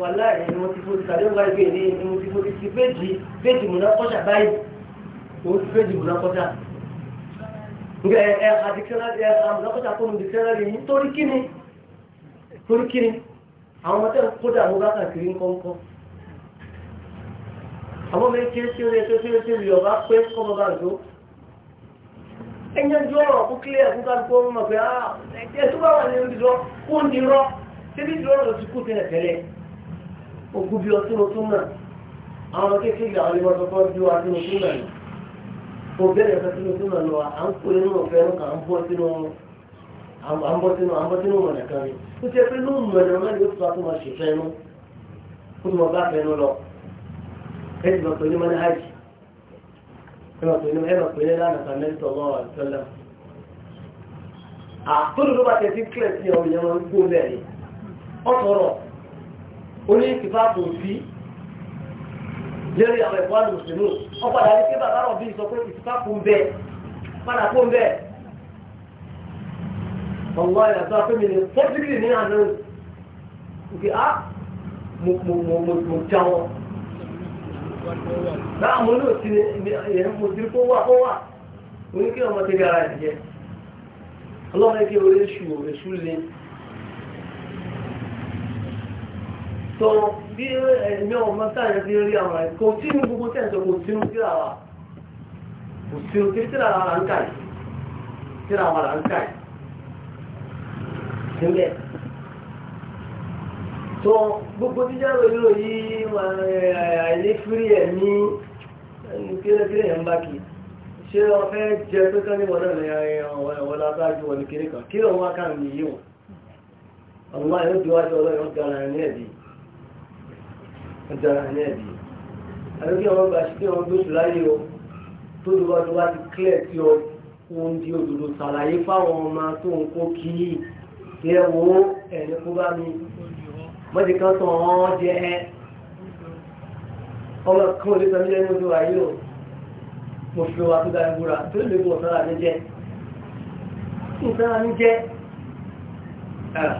Speaker 1: wà láàrin ni wọ́n ti fó ti tàbí ọgbà ìgbé ní ni wọ́n ti fó ti ti péjì péjì múná kọ́ṣà báyìí wọ́n ti péjì múná kọ́ṣà. ǹjẹ́ ẹ ẹ àdìkẹ́rẹ́ ẹ àmúná kọ́ṣà kó mu dìkẹ́rẹ́ rẹ̀ yìí torí kíni torí kíni àwọn ọmọ tẹ́lẹ̀ kódà mo bá kàkiri ńkọ́ńkọ́. àwọn ọmọ ike ṣeré ṣe ṣeré ṣe rí ọba pé kọ́mọ bá zo. ẹ̀yẹ́n jọ ọ̀rọ̀ kó kílẹ̀ ẹ̀kú kálukú ọmọ pé ah, ẹ̀ tó bá wà ní ìrọ̀ kó ní ìrọ̀ ṣé bí ìrọ̀ ogún bí ọtí lótún náà àwọn kékeré àwọn ìwọ̀n tọ́kọ́ bí wọ́n ti lótún náà kò bẹ̀rẹ̀ ọtí lótún náà lọ à ń kó nínú ọ̀fẹ́ ẹnu kan bọ́ sínú àbọ̀ sínú àbọ̀ sínú mọ̀nà kan ni ó ti ẹ pé lóun mọ̀nà mẹ́rin ó tún wá tó máa ṣèfẹ́ inú ó tún máa bá fẹ́ inú lọ ẹ ti lọ pé ní mọ́ni hajj ẹ lọ pé ní ẹ lọ pé ní lánàá kan lẹ́yìn tó lọ́wọ́ àtúntọ́lá àtúntò ló bá tẹ̀ sí kílẹ̀ sí ọ̀rọ̀ yẹn wọn gbó bẹ́ẹ̀ ni ọ̀tọ̀rọ̀ onye ìtìfáàpù òbí lérí àwọn ẹ̀kọ́ àlùmùsùlùmù ọ̀padà ní pé bàbá rọ̀ bí sọ pé ìtìfáàpù ń bẹ padà kó ń bẹ ọ̀wọ́ ìyàtọ̀ àpémi ni pọ́tíkì ní àná òkè á ah, mo mo mo mo mo já wọn náà mo ní òsì ni ìyẹn mo ti rí kó wà kó wà tó bí ẹ̀mí eh, ọmọ sáyẹn ti rí àwọn ẹ̀ kò sínú gbogbo tẹ̀sán kò sínú síra wa kò sínú síra wa là ń kàì síra wa là ń kàì sílẹ̀ tó gbogbo jíjá lóyún yìí eh, àìlé fúrí ẹ̀mí kílẹ̀kílẹ̀ ẹ̀ eh, ń bá kì ṣe ọ̀fẹ́ jẹ tó kán ní náà ní kéré kan kí lọ́wọ́ ní yíò ọjọ́ ara ní ẹ̀bí àdókè ọmọ gba ṣe pé ọmọ gbóṣù láyé clear tí ọ ohun di òdòdó ṣàlàyé fáwọn ọmọ tó ń kó kí kí ẹ wo ẹni kó bá mi mọ́tì kan tán ọ́n jẹ́ ọmọ kan ò lè sọ nílẹ̀ ní ojú wa yìí o mo fi wa tó dáa búra tó lè bọ̀ sára mi jẹ́ sára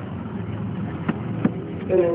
Speaker 1: ah.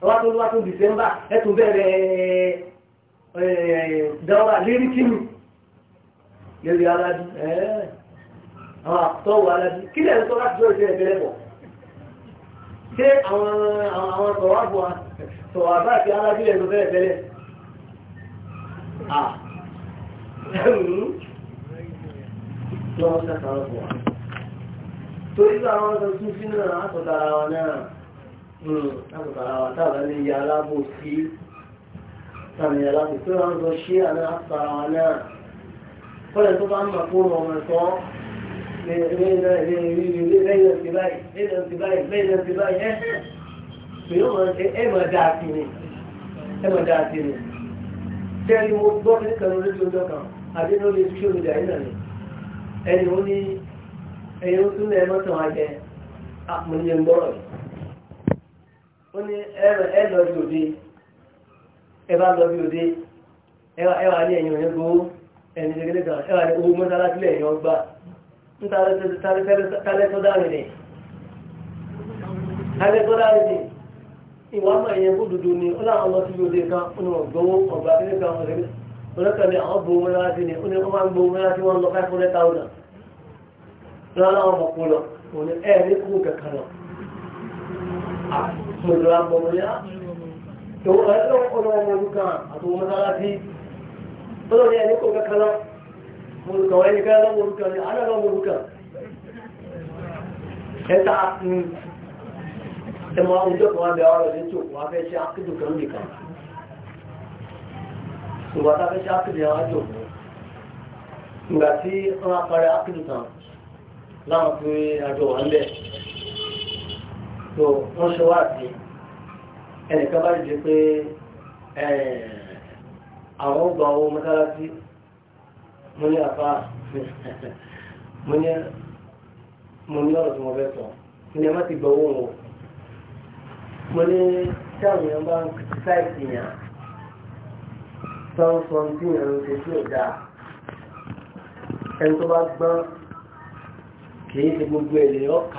Speaker 1: wá tó wá tó december ẹtù bẹ̀rẹ̀ dáwà lérí kí ni lérí alájú àwọn àtọ́wò alájú kí lẹ́yìn tó láti jọ ìṣẹ́ ìbẹ̀rẹ̀ pọ̀ ṣé àwọn àwọn sọ̀rọ̀ àbọ̀ sọ̀rọ̀ alájú lẹ́yìn tó bẹ̀rẹ̀ bẹ̀rẹ̀ ah lọ́wọ́ sẹ́kọ̀ọ́ pọ̀ torí pé àwọn ọ̀sán tún sínú àtọ̀tà ara wọn Hmm, tábà ó ní ẹ̀yìn ó tún lẹ́ẹ̀mọ́tàn ajẹ́ ah, àpòyẹ̀ ń gbọ́rọ̀ ó ní ẹ lọ bí òde ẹ bá lọ bí òde ẹ wà ní ẹ̀yìn òyìn gbowó ẹni gẹ́gẹ́ kan ẹ wà ní owó mọ́sálásí lẹ́yìn ọgbà ń tálẹ́ tó ni tálẹ́ tó dárin ni ìwà ọmọ ìyẹn bó dúdú ni ó láwọn lọ sí òde kan ó ní wọn gbowó ọgbà kẹ́kẹ́ kan ọ̀sẹ̀ olókàlẹ̀ àwọn gbowó mọ́sálásí ni ó ní wọ́n máa ń gbowó mọ́sálásí wọn lọ five hundred thousand lọ́wọ́ láwọn ọmọ kó lọ òun ẹ̀ ní kúrò kẹ̀kẹ́ lọ mo lọ àgbọ̀ mo yá tòun ọ̀rẹ́ lọ́wọ́ kọ́ lọ́wọ́ mo lù ní ẹni kò kankan lọ ẹni kan lọ́wọ́ ni àná lọ́wọ́ mo lù kan ẹ̀ta mm. ẹ̀mọ́ àwùjọ kan wá bẹ ọ̀rọ̀ ní tòun wá fẹ́ ṣe akédù kan nìkan ìwà tá a fẹ́ ṣe akédù yẹn wá jòkó ìgbà tí wọ́n á parí láwọn fi àjọ wà ń bẹ̀ so wọ́n ṣe wá sí ẹnìkan bá jẹ́ pé àwọn ọgbà owó mọ́sálásí mo ní àfá mo ní ọ̀rọ̀ tí mo fẹ́ sọ ní ẹ má ti gbọ́ owó wọn mo ní táwọn èèyàn bá ń kírísáìsì yàn sọ́n sọ́n tí yàn ń ṣe sí ọ̀dà ẹni tó bá gbọ́n kì ṣe gbogbo èlé ọ̀ka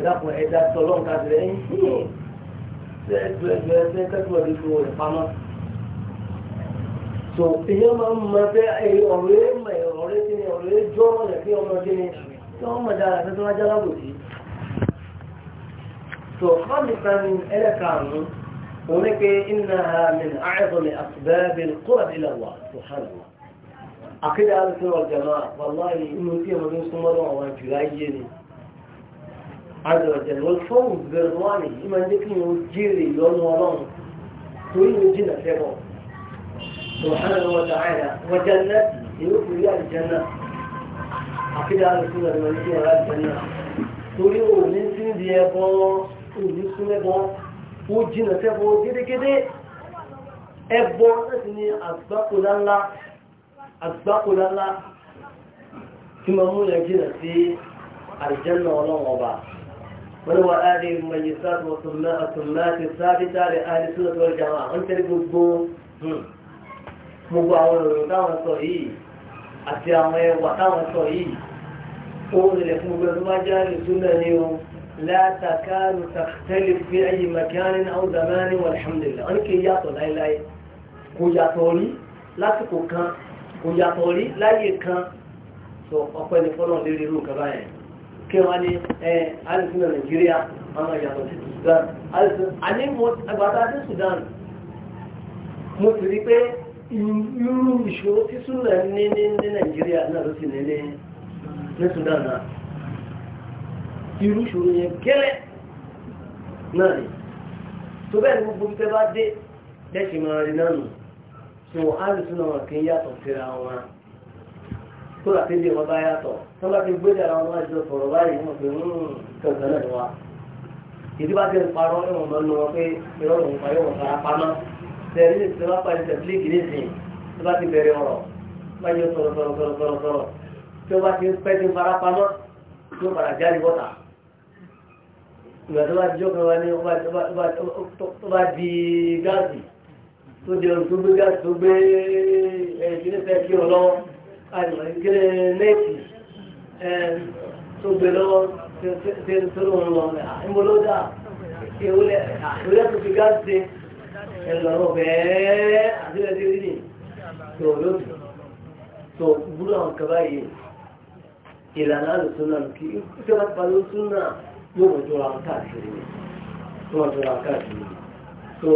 Speaker 1: ìdákùn ẹja tọ́lọ́ nǹkan tẹ̀lé ẹ̀yìn ṣe ẹ̀tù ẹ̀tù ẹ̀sẹ̀ kẹ́tù ẹ̀dí fún wọn pamọ́. tó èyàn máa ń mọ pé ọ̀rẹ́ mọ̀ ọ̀rẹ́ kí ni ọ̀rẹ́ jọ́ ọ̀rẹ́ kí ọmọ kí ni kí wọ́n mọ̀ dára fẹ́ tó wá jára bò sí. tó fáàmì sani ẹlẹ́kàánú òun ní pé iná min ní àtúbẹ́ẹ́bẹ́ kúrò ilẹ̀ wà subhanallah. àkéde àlùfẹ́ عز وجل والفوز برضوانه إما ذكر يجيري يوم ولون تريد الجنة في يوم سبحانه وتعالى وجنته يدخل إلى الجنة عقيدة أهل السنة المالكية على الجنة تريد من سنة يبون ومن سنة يبون والجنة تبون كده كده ẹbọ láti ní àgbákòlá ńlá tí ma mú lẹ́jìnà sí àìjẹ́nà ọlọ́run ọba ولو هذه المميزات والسمات الثابتة لأهل السنة والجماعة أنت لقبو gbogbo àwọn ìròyìn táwọn sọ yìí àti àwọn ẹwà táwọn sọ yìí ó rẹ̀ fún gbogbo tó bá jẹ́ àrùsúnà ni o látàkàrù tàkítẹ́lì fi ayé makarin àwùdàmánì alhamdulillah wọn kì í yàtọ̀ láíláí kò yàtọ̀ rí lásìkò kan kò yàtọ̀ rí láyé kan sọ ọpẹ́ ní lérí irú nǹkan báyẹn kí wọ́n ní alifin nigeria àwọn ìyàtọ̀ sí Sudan alifin Sudan mo ti rí pé irú ìṣòro ne súnà ní ní nàìjíríà náà ló ne nílé Sudan náà irú ìṣòro yẹn gẹ́lẹ́ náà rí tó bẹ́ẹ̀ ni gbogbo so alifin sóra kejì wọn bá yàtọ̀ tó bá ti gbé dára wọn láti lọ sọ̀rọ̀ báyìí wọn fi ń kẹsàn náà wá ìdí bá ti ń parọ́ ẹ̀wọ̀n lọ lu wọn pé irọ́ lòun pa yóò wọn fara pamọ́ tẹ̀lé ní ìsinmi wọn parí tẹ̀lé ìgbìnìsìn tó bá ti bẹ̀rẹ̀ ọ̀rọ̀ bá yóò sọ̀rọ̀ ìgbà tó bá di ọkàn wa ní ó bá di gáàsì tó di ọ̀rùn tó gbé gáàsì tó gbé ẹ̀ẹ́dínlẹ́fẹ́ kí ọ lọ́wọ́ àìmọ̀ ìgbẹ́ nẹ́ẹ̀tì tó gbé lọ́wọ́ tó ló ń lọ ìmọ̀lódà ìwúlẹ̀ tó fi gáàsì ẹ̀lọ́rọ̀ bẹ́ẹ̀ àdúrà dé rí ni tó lóbi tó gbúrú àwọn kaba yìí ìlànà àlùsùn náà kí tí wọ́n parí sùn náà yóò wọ́n jọra káàkiri ni wọ́n jọra káàkiri ni tó.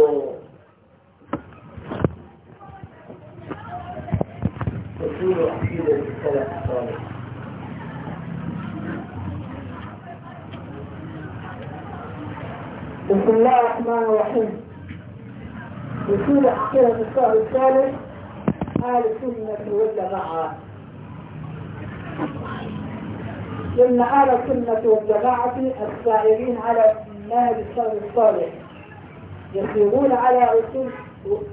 Speaker 1: تكون عقيدة السلف الصالح
Speaker 2: بسم الله الرحمن الرحيم وصول أحكام الصالح الصالح أهل السنة والجماعة إن آل السنة والجماعة السائرين على منهج السلف الصالح يسيرون على أصول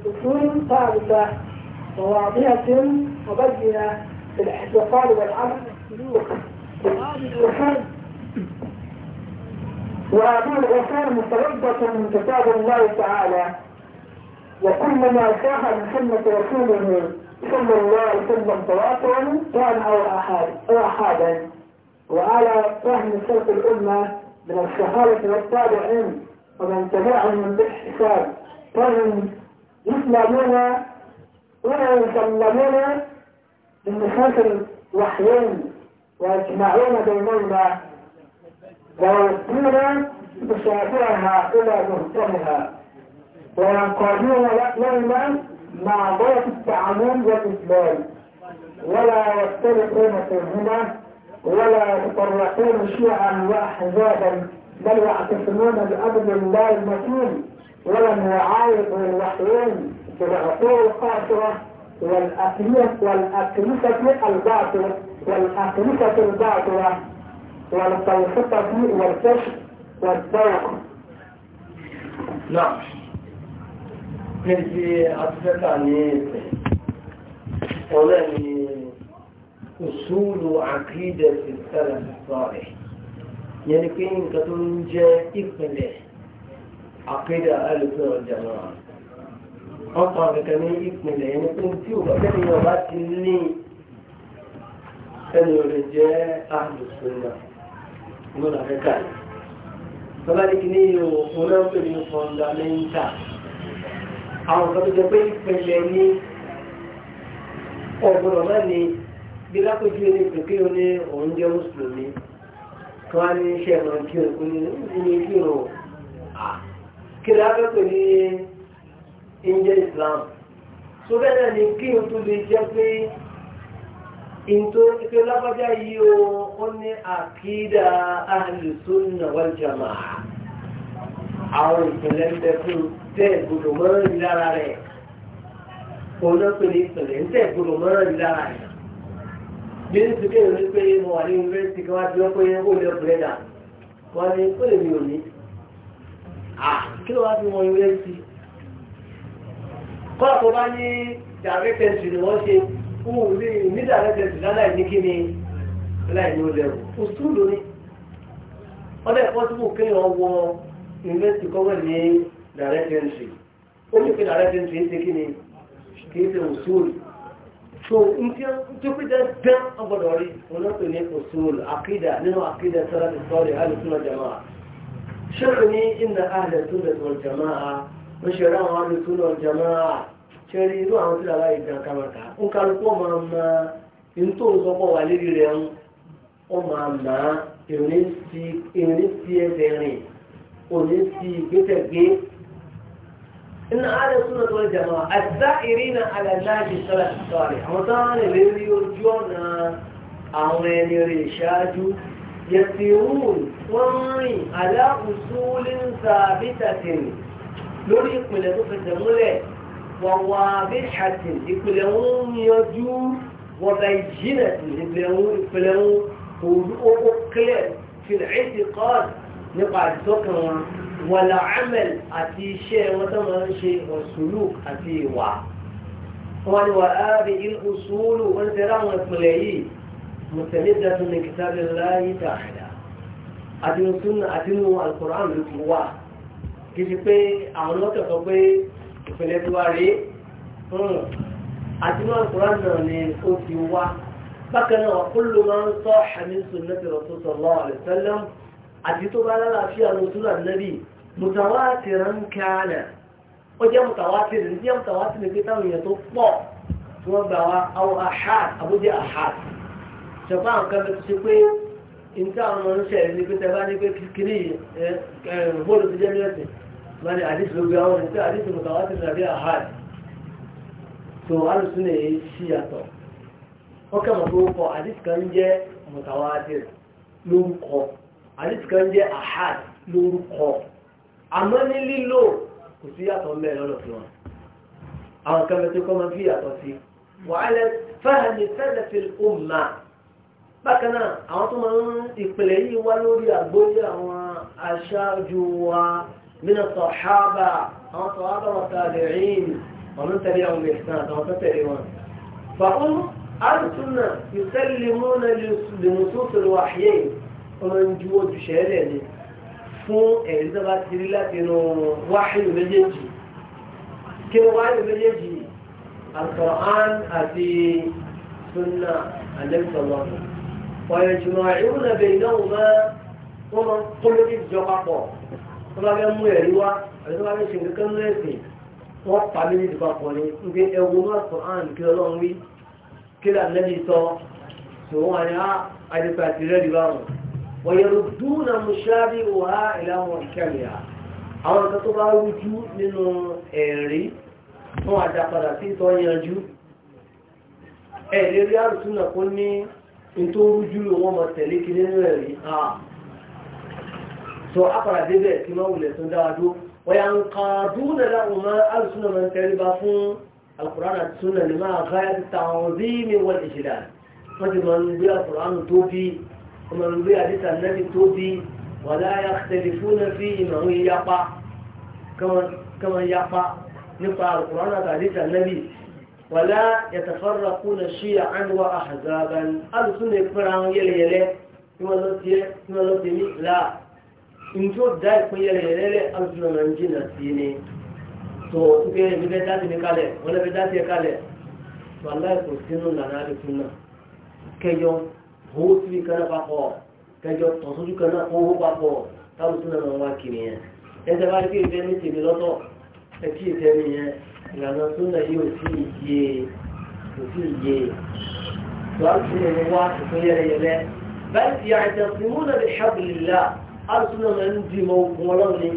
Speaker 2: أصول ثابتة مواضيع مبينة في الاحتقال والعمل وهذه الغفار متردة من كتاب الله تعالى وكل ما شاء من سنة رسوله صلى الله عليه وسلم تواترا كان او او احادا وعلى فهم سلف الامه من الصحابه والتابعين ومن تبعهم الحساب طيب، فهم يسلمون ويسلمون للنفاس الوحيين ويجمعون بينهما ويؤدون مشاكلها إلى مهتمها وينقادون لهما ضيق التعامل والإسلام ولا يفترقون فيهما ولا يتطرقون شيعا وأحزابا بل يعتصمون بأمر الله المتين ولم يعارضوا الوحيين وهو قاصرة والأقلية والأقلية الباطلة والأقلية الباطلة والتوسطة والفش والذوق
Speaker 1: نعم أصول عقيدة في الصالح يعني كين كتنجي إقبله عقيدة ألف الجمال wọ́n fa kẹ̀kẹ́ ní ìpìlẹ̀ yẹn pé tí ò bàbá ẹni ọba ti ní ẹni ò lè jẹ́ àlùsùnà lónà afẹ́kà yìí. bàbá ní kíní yìí ò fún náà pè ní fọ́ndámẹ́ńtà àwọn kan tó jẹ pé ìpìlẹ̀ ní ọ̀gbọ̀nà náà ni bí lápẹ́jú ẹni pèké ó ní òun mùsùlùmí kí wọ́n ní iṣẹ́ ìrànkí òkú ní ìrìn kí ìrìn kí ni a fẹ́ pè ní ń islam tó bẹ́ẹ̀ ni kí n tó lè jẹ́ pé nítorí pé lábájá yìí o ó ní àkídà ahlu sunna wal jamaa àwọn ìpìlẹ̀ ń bẹ fún tẹ́ gbọdọ̀ mọ́rán yìí lára rẹ̀ òun náà pè ní ìpìlẹ̀ ń tẹ́ gbọdọ̀ mọ́rán yìí lára rẹ̀ bí n sùkè ní pé mo wà ní yunifásitì kan wá bí wọ́n pé ó lè bùrẹ́dà wọ́n ní ó lè ò ní kí ló wá fi wọn yunifásitì kọ́lá tó bá ní direct ni wọ́n ṣe fún ní ní direct entry láláì ní kíni láì ní olè o sùn lórí ọdẹ pọ́sibú kéèyàn wọ invest kọ́wé ní direct ó ní pé direct ń ṣe n rí ní nínú ti ní ìnà tó jama'a ṣe ṣẹ́rí irú àwọn tí làwọn ìgbà kàmàkà ó kálukú ọmọ ọmọ inú tó ń sọpọ̀ wà lérí rẹ̀ ń ọmọ àmà ìrìn sí ẹsẹ̀ rìn òní sí ìgbésẹ̀ gbé. iná àlẹ́ súnà tó ń jàmọ́ àtìsá ìrìnà àlẹ́ láti sọ́lá sọ́ọ̀rẹ̀ àwọn tó ń rìn lérí ojú ọ̀nà àwọn ẹni rẹ̀ ṣáájú yẹtìrún wọ́n rìn aláàkùsù lẹ́ńsà bítàtìn lórí ìpìlẹ̀ tó fẹsẹ̀ múlẹ̀ wọ̀wọ́ abéṣàtì ìpìlẹ̀ ń yanjú wọ̀bà ìjìnà ìpìlẹ̀ ń ìpìlẹ̀ ń òru owó kílẹ̀ fìlẹ̀ ẹ̀sìn kọ́ọ̀d nípa àdìsọ́kàn wọn wọ̀là amẹ̀l àti iṣẹ́ wọn tó máa ń ṣe ọ̀sùlù àti ìwà ìpínlẹ̀ tó wá rí hmm. àti náà kúrán náà ni ó ti wá bákan náà kúlù máa ń sọ àmìsù nẹ́bí ọ̀tún sọ̀lọ́ àlùsẹ́lẹ̀ àti tó bá lálàáfíà lótú náà nẹ́bí mùtàwátìrì ń kánà ó jẹ́ mùtàwátìrì ń jẹ́ mùtàwátìrì pé táwọn èèyàn tó pọ̀ tí wọ́n gbà wá àwọn àhàd àbújá àhàd ṣọ̀pá nǹkan bẹ́ẹ̀ tó ṣe pé nǹkan àwọn ọmọ ń ṣẹ̀rí ní pé tẹ́ mani àdísì ló gbé àwọn ẹni tí àdísì mùtàwátì tàbí àhàd tó alùsùn lè ṣí yàtọ̀ wọ́n kà mọ̀ pé ó kọ àdísì kan jẹ́ mùtàwátì lórúkọ àdísì kan jẹ́ àhàd lórúkọ àmọ́ ní lílò kò sí yàtọ̀ mẹ́rin lọ́dọ̀ fún wa àwọn kan tó kọ́ máa fi yàtọ̀ sí wàhálẹ̀ fáhàmì sẹ́lẹ̀fì ọmọ bákan náà àwọn tó máa ń ìpìlẹ̀ yìí wá lórí àgbóyè àwọn aṣáájú wa من الصحابة أو صحابة والتابعين ومن تبعهم بإحسان وتتبعون فهم أنتم يسلمون لنصوص الوحيين ومن جوج شهرين fún ẹ̀rí tó bá ti rí láti inú wáhìlú méjèèjì kí ni wáhìlú méjèèjì alkọ̀án àti sunna alẹ́sọ̀lọ́ ọ̀yẹ̀ jùlọ ìrúnà bẹ̀rẹ̀ náà wọ́n máa ń kó méjèèjì jọ papọ̀ tó bá fẹ́ mú ẹ̀rí wá àti tó bá fẹ́ ṣe nǹkan mú ẹ̀sìn wọ́n pa mí nídìí papọ̀ ni ń gbé ẹwu náà sọ án kí ọlọ́run wí kí là nẹ́bí sọ tòun àní á àdìpẹ́ àti rẹ́ẹ̀dì báwọn wọ́n yẹ dúnà mùsàbí wà ìlànà ìkẹ́mìà àwọn nǹkan tó bá rújú nínú ẹ̀rí fún àdápadà sí ìtọ́ yanjú ẹ̀rí rí àrùtúnà kó ní ní rújú lòun ọmọ tẹ̀lé kí nínú ẹ̀rí ah. سو أقرأ ذلك كما أولي سنداده وينقادون لهما ألسنا من تلبفون القرآن السنة لما غاية التعظيم والإجلال فجل من ينبيع القرآن توبي ومن ينبيع ذلك النبي توبي ولا يختلفون فيه ما هو يقع كما, كما يقع نقرأ القرآن ذلك النبي ولا يتفرقون شيعا وأحزابا ألسنا القرآن يلي يلي كما ذلك لا njó da ìpínyẹrẹ yẹrẹ rẹ alùpùpù náà ń jìnà sí ni tó nígbà yẹn bíbẹ dá tìmí kalẹ̀ wọn lè bẹ dá tìmí kalẹ̀ wàlá kò sínú lànà àlùpùpù náà kẹjọ owó tìbí kaná papọ̀ kẹjọ tọ̀sójú kaná owó papọ̀ táwọn sínú náà wá kiri yẹn ẹsẹ bá rí pé ìfẹ́ ní tèmi lọ́tọ̀ ẹ kí ìfẹ́ mi yẹn ìlànà tó náà yóò sí iye kò sí tó a ti lè wá ìpínyẹrẹ yẹrẹ báyìí ti àìsàn sí múlẹ̀ bí ṣàbùlì láà alùsùn náà ń di mọ ogun ọlọ́run ni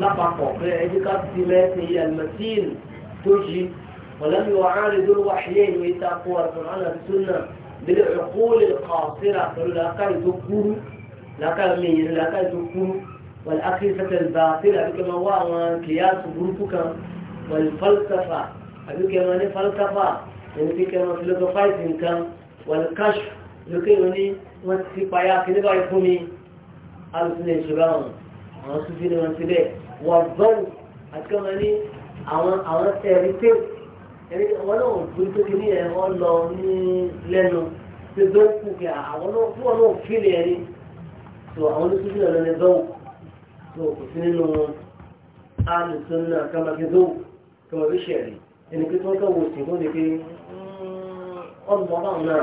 Speaker 1: lápapọ̀ pé ẹjẹ́ ká ti mẹ́sìn ilẹ̀ mẹ́sìn tó yí ọ̀lẹ́mi wà á rí lórí wáṣíyẹ́ ìwé ìtakò àtùnrán àti súnà lórí ẹ̀kọ́ lè kà síra pẹ̀lú làákàyè tó kúrú làákàyè mìíràn làákàyè tó kúrú wọ́n akéwì sẹ́tẹ̀ bá síra àbíkẹ́ máa wá àwọn kìyàsù burúkú kan wọ́n falsafa àbíkẹ́ máa ní falsafa ẹni wọ́n kashf àbíkẹ́ máa alùsùn ìṣúra ọ̀hún àwọn sùfì ni wọ́n ti bẹ̀ wọ́n bọ́ọ̀lù àti kí wọ́n ní àwọn àwọn ẹ̀rí pé ẹ̀rí wọn náà gbé tóbi ní ẹ̀ wọ́n lọ ní lẹ́nu pé bẹ́ẹ̀ kù kí àwọn náà fún wọn náà fílẹ̀ ẹ̀rí tó àwọn ní sùfì náà lọ tó kò sí nínú alùsùn náà kàmákẹ́dó kàmákẹ́ṣẹ̀rí ẹni pé tó ń kàwọ́ sí fún mi pé hmm, ọ̀nà bàbá náà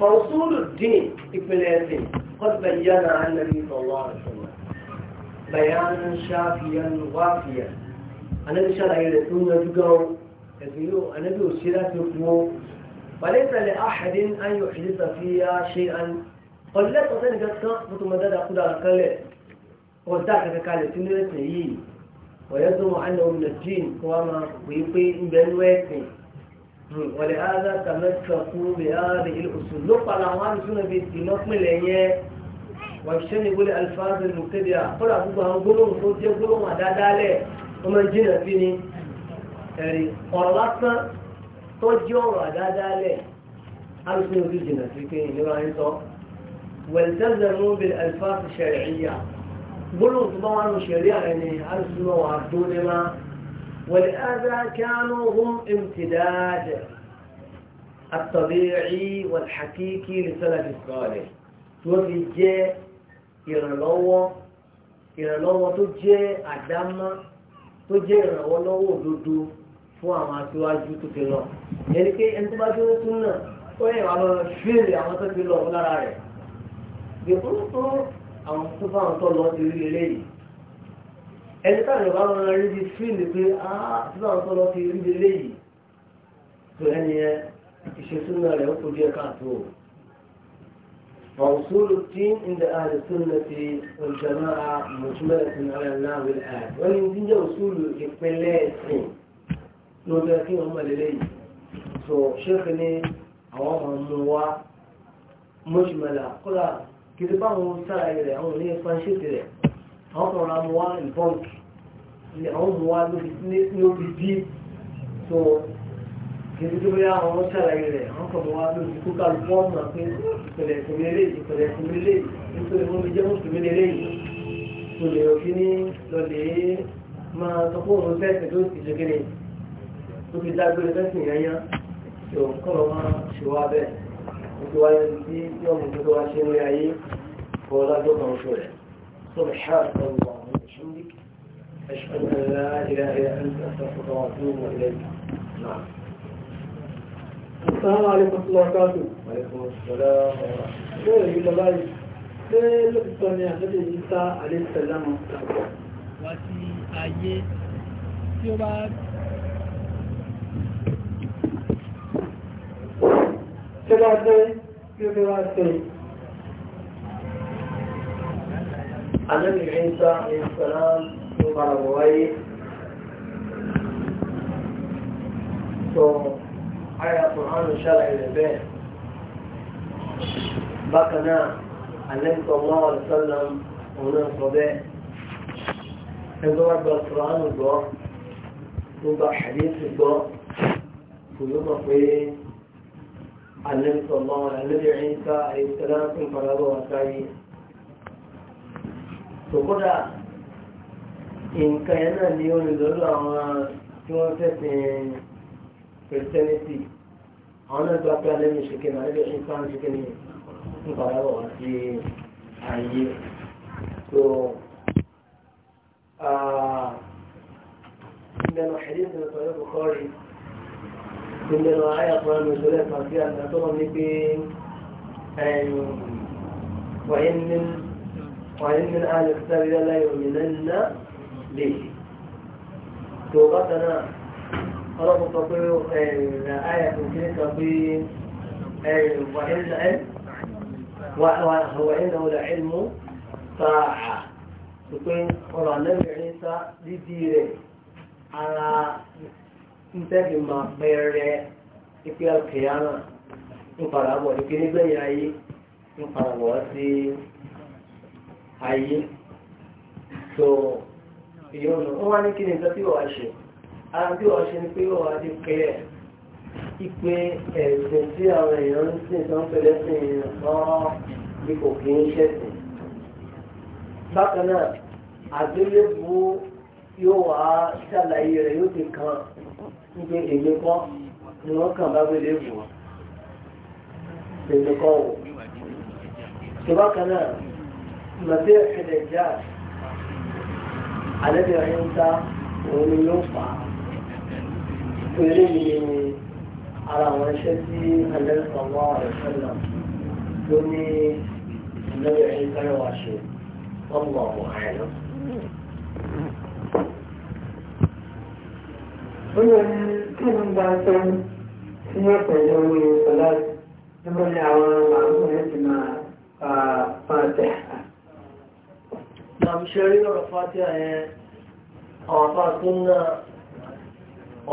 Speaker 1: فوصول الدين إبلاتين قد بيّن عن النبي صلى الله عليه وسلم بيانا شافيا وافيا النبي شرع يلتون يجو يقولوا النبي وسيرة يقوم وليس لأحد أن يحدث فيها شيئا قل لا تطين قد تنقبط مدد أقول أقل وذاك كالي تنرتني ويزم عنه من الدين وما ويقي بين ويتني ولهذا تمسكوا بهذه الاصول نقطه الاعمال شنو بيتي نقم لينيه وشن يقول الفاظ المبتدئه قل ابو هم قولوا صوت يقولوا ما دادالي وما جينا فيني يعني قرلاتنا توجيو ما دادالي هل شنو في جينا فيكي نراهي والتزموا بالالفاظ الشرعيه قولوا طبعا الشريعه يعني هل شنو عبدون ما ولهذا كانوا هم امتداد الطبيعي والحقيقي لسلف الصالح توفي جاء ìrànlọ́wọ́ ìrànlọ́wọ́ tó jẹ́ àdámá tó jẹ́ ìrànwọ́ lọ́wọ́ òdodo fún àwọn aṣíwájú tó ti lọ ẹni pé ẹni tó bá tó tún náà ó yẹ wà fíìlì àwọn tó ti lọ lára rẹ̀ gbẹ̀kúrú tó àwọn tó bá tó lọ ti rí eléyìí ẹni táwọn yorùbá wọn rí bí fíìlì pé áá ah, tí wọn tó lọ fi rí bí léyìí tó ẹni yẹn ìṣesúnà rẹ̀ ó kò díẹ̀ káàtó موصول الدين عند أهل السنة والجماعة مجملة على النحو الآتي وإن دين أصول الإقبالات lóbẹ́kí ọmọ lélẹ́ yìí so ṣéèkì ní àwọn ọmọ mú wá mọ́ṣùmọ́lá kọ́lá kìtìbá àwọn sára rẹ̀ àwọn tó ra mu wá ìbọ́ǹkì ní àwọn mu wá lórí bí tó kìí tó bóyá àwọn ṣàlàyé rẹ̀ àwọn kan mu wá lórí kúkà lùpọ́ọ̀mù àti ìpìlẹ̀ ìpìlẹ̀ ilé ìpìlẹ̀ ìpìlẹ̀ ilé nítorí wọn fi jẹ́ mùsùlùmí lélẹ̀ yìí tó lè fi ní lọ́lẹ̀ máa sọ fún òun fẹ́ẹ̀sì tó ti ṣe kéde tó fi dágbére fẹ́ẹ̀sì yányá tó kọ́ lọ́ máa ṣe wá bẹ́ẹ̀ nítorí wáyé tí yọ̀ọ̀mù سبحانك اللهم وبحمدك أشهد أن لا إله إلا أنت أستغفرك وأتوب إليك
Speaker 2: نعم السلام عليكم ورحمة الله وبركاته وعليكم السلام ورحمة الله وبركاته ṣé lóòótọ́ ni àfẹ́lẹ́ yìí عيسى عليه السلام
Speaker 3: واتي آية tí
Speaker 2: ó bá tí النبي عيسى عليه
Speaker 1: السلام يقال بوي حياة القرآن الشرع للبيت بقنا النبي صلى الله عليه وسلم ومن صديق عندما أقبل القرآن الضوء يوضع حديث الضوء ويوضع فيه النبي صلى الله عليه وسلم النبي عيسى عليه السلام يقال بوي tó kódà nǹkan yẹn náà ni ó lè lọ́dọ̀ àwọn tí wọ́n fẹ́sìn kìrìsìtẹ́nìtì àwọn náà gba pé alẹ́ mi ṣe kéde alẹ́ mi ṣe ń sáà ń ṣe kéde ń padà bọ̀ wá sí ayé tó من حديث صحيح البخاري من رعاية قرآن نزولات فيها أن تظن بي وإن من وإن من أهل الكتاب لا يؤمنن به توقتنا خلق التطير آية تلك في وإن وإنه لعلم ساعة تقول قرآن النبي عيسى لديره على ntẹ́bi máa bẹ̀rẹ̀ ipe alkiyama ń padà bọ̀ ìpínlẹ̀ gbẹ̀yìn ayé tó ìyọnu wọn wá ní kí ni nǹkan tí wọ́n wá ṣe ara tí wọ́n ṣe ni pé wọ́n wá dé kílẹ̀ ipe ẹ̀sìn tí àwọn èèyàn ń sìn tó ń pẹ̀lẹ́ sìn ọ́ bí kò kí ṣẹ̀sìn bákan náà àgbélébùú yóò wá ṣàlàyé rẹ̀ yóò ti kan nígbè èmi kọ́ ni wọ́n kàn bá gbélébùú èmi kọ́ wò. tó bákan náà مسيح الدجال على عيسى ومن يوفى يريد على وشة النبي صلى الله عليه وسلم دوني النبي عيسى يواشي والله أعلم
Speaker 2: Kínú كيف tó في tí ó pẹ̀lú orí ìpọ̀lá nígbọ́n ní àwọn
Speaker 1: tàbíṣẹ́rí ọ̀rọ̀ fàtíà yẹn àwọn afá tó ń ná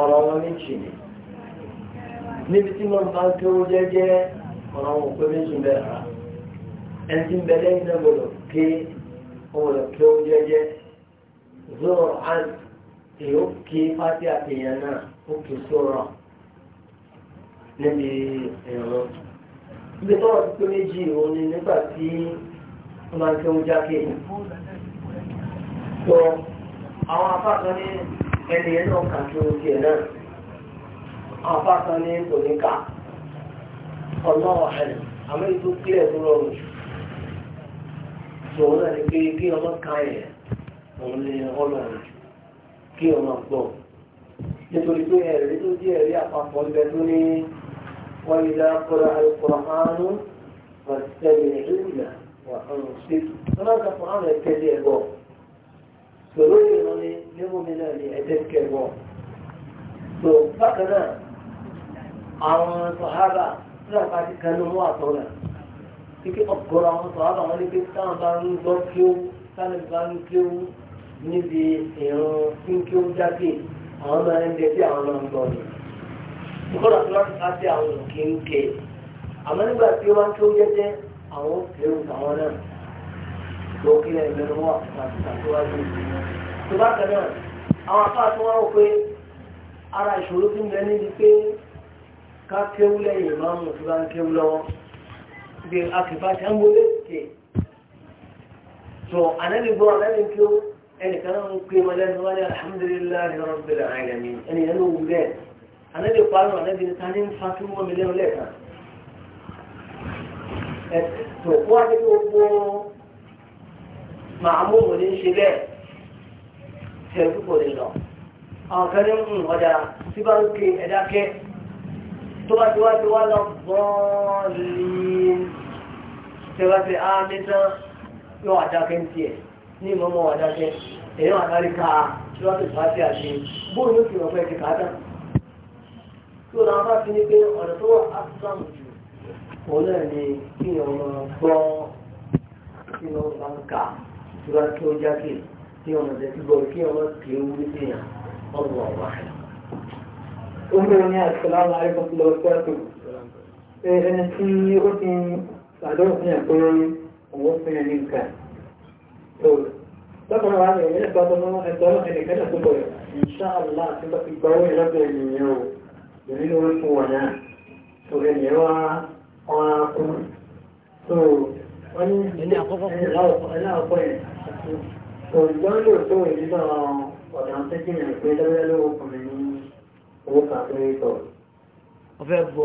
Speaker 2: ọ̀rọ̀ wọn méjì
Speaker 1: ni níbi tí wọ́n bá ń kéwó jẹ́jẹ́ ọ̀rọ̀ wọn pé méjì ń bẹ̀rẹ̀ rà ẹni tí ń bẹ lẹ́yìn náà gbọ́dọ̀ ké ọ̀rọ̀ kéwó jẹ́jẹ́ zoro an èyí ó ké fàtíà tèèyàn náà ó ké sọ̀rọ̀ níbi ẹ̀rọ ibi tó wà pé méjì òun ni nígbà tí wọ́n bá ń kéwó jákè sọ àwọn afáàkan ní ẹni ẹ̀ náà kà tó tiẹ̀ náà àwọn afáàkan ní kò ní kà ọ̀nà ọ̀hẹ̀rẹ̀ àmọ́ èyí tó kílẹ̀ tó rọrùn jù sọ̀rọ̀ náà ni pé kí ọmọ ká ẹ̀ òun ní ọlọ́run kí ọmọ gbọ́ nítorí pé ẹ̀rí tó jẹ́ ẹ̀rí àpapọ̀ ń bẹ tó ní wọ́n yìí dákọ́ra alukọ̀ránú wọ́n ti tẹ̀lé ìlú ìlà wọ́n ti tẹ̀lé ẹ̀gbọ́n sòrò ìran ni níwòmí náà ni ẹ̀jẹ̀ kẹwọ́ so bákan náà àwọn sọ̀hábà náà bá ti kan ní wọn àtọ́nà kíkẹ́ ọ̀gọ́rọ̀ àwọn sọ̀hábà wọn ni pé táwọn bá ń gbọ́ kí ó sáré bá ń kí ó níbi ìran tí ń kí ó jáde àwọn máa ń dẹ́bí àwọn máa ń gbọ́ ni ìkọ́lá tó lókílẹ̀ ìlú wà àtúwájú. tó bá tẹ̀lé àwọn afá tó wá wò pé ara ìṣòro tí ń bẹ níbi pé ká kéwú lẹ́yìn ìmáàmù tó bá ń kéwú lọ́wọ́ bí akẹ́fà tí a ń bó lẹ́kẹ̀. tó ànábì gbọ́ ànábì kí ó ẹnìkan náà ń pè mọ́ lẹ́nu wáyé alhamdulillahi rabbil alamin ẹnì yẹn ló wù bẹ́ẹ̀ ànábì parí ànábì ta ní fa kí wọ́n mi lẹ́nu lẹ́ẹ̀kan. tó wọ́n á màmúhù ní ṣe bẹ́ẹ̀ ṣe kò lè lọ àwọn kan ní ń hmm, ọjà tí bá ń ké ẹ̀dá kẹ́ tó bá ti wá ti wá lọ bọ́ọ̀lì tẹ́wàtẹ́ àmì ah, tán yóò àdákẹ́ ń tiẹ̀ ní ìmọ̀mọ́ àdákẹ́ èèyàn àdárí ká lọ́wọ́ ìfàṣẹ́ àti bóòlù ní ìwọ̀n fẹ́ ti kà tán tí ó làwọn bá fi ní pé ọ̀nà tó wà á sáàmù jù òun náà ni kí ọmọ gbọ́ kí ọmọ bá kà á tí wọ́n kí ó jákè kí ọmọ tẹ tí gbọ́dọ̀ kí ọmọ kì í wúlé sí yàn ọgbọ̀n ọ̀wá. ó bẹ̀rẹ̀
Speaker 2: ní àṣìláwọ̀ àríkọ̀tìlọ̀ pẹ́ẹ́tù ẹni tí ó ti àdéhùn fún yàn pé òun fún yàn ní nǹkan. lọ́kàn wà ní
Speaker 1: ìyẹn ìgbà tó ń ẹ̀tọ́ ẹnìkan náà tó bọ̀ ìṣáàlá àti ìgbà owó ìlọ́gbẹ̀ ènìyàn ò èmi ló ń fún wọn náà tó ẹnìyàn ṣùgbọ́n lóòótọ́ èyí náà ọ̀dà ń tẹ́jú yẹn pé lọ́wọ́ lọ́wọ́ ọkùnrin ní owó kan tó yẹ kọ̀. ọ̀fẹ́ bò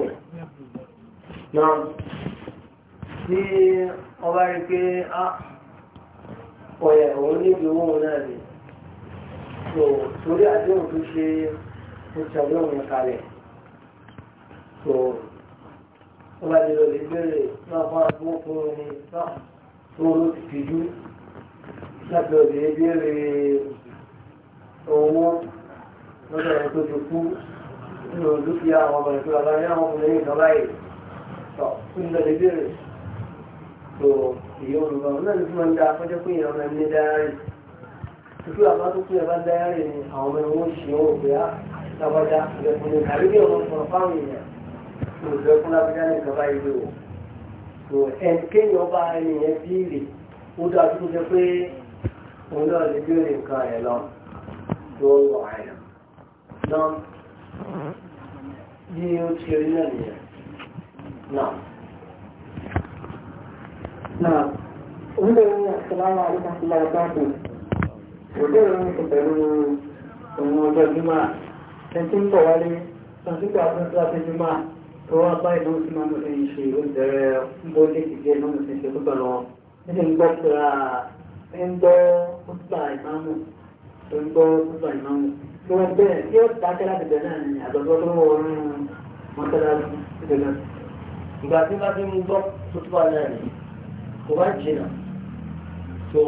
Speaker 1: náà tí ọba rí pé á ọ̀yà òun níbi owó òun náà rè torí àdéhùn tó ṣe ó ṣàdéhùn yẹn kalẹ̀ ọba lè lọ lè bẹ̀rẹ̀ náà fún àgbọ̀n fún omi náà tó ló ti fi dúró láti ọ̀dẹ̀ ìbéèrè owó lọ́dọ̀ ẹ̀ tó ti kú nínú dúkìá àwọn ọmọ ìtura láyé àwọn ọmọ lẹ́yìn kan báyìí tọ́ fún ìlọ́dẹ̀ ìbéèrè tó ìyó olùgbà náà ní fún ọmọ ìdá afọ́jọ́ pé ìyá ọmọ ẹni ní dáárì tutu àbá tó kú ẹ̀bá dáárì ni àwọn ọmọ ẹ̀wọ̀n ṣe ó pé ah, á lábọ́dá ìrẹ̀kùn ní tàbí bí ọmọ sọ̀rọ̀ fáwọn èèyàn tó ìrẹ̀kùn lábọ́dá ní ìjọba ìlú ò òun náà lè bí òní nǹkan ẹ̀ lọ tó lọ àyà náà bí ó ti rí náà nìyẹn náà.
Speaker 2: náà onílé ní àṣìláwà àríkàṣílá ọgbàgbò òde ìròyìn ti pẹ̀lú òun ọjọ́ jùmọ̀ ẹtí ń bọ̀ wálé
Speaker 1: lọ́sígbà fún kíláàsì jùmọ̀ tó wá bá ìlú sí máa ń ṣe ìṣe oúnjẹ rẹ̀ ń bó lè ti jẹ́
Speaker 2: ìlú sí ṣe tó pẹ̀lú wọn. nítorí gbọ́ ń gbọ́ kútùbà ìmáàmù tó ń gbọ́ kútùbà ìmáàmù tó wọ́n bẹ́ẹ̀ tí ó dákẹ́ láti bẹ̀rẹ̀ náà ni àgbàgbọ́ tó
Speaker 1: bá ti ń gbọ́ kútùbà náà ni kò bá jìnà tó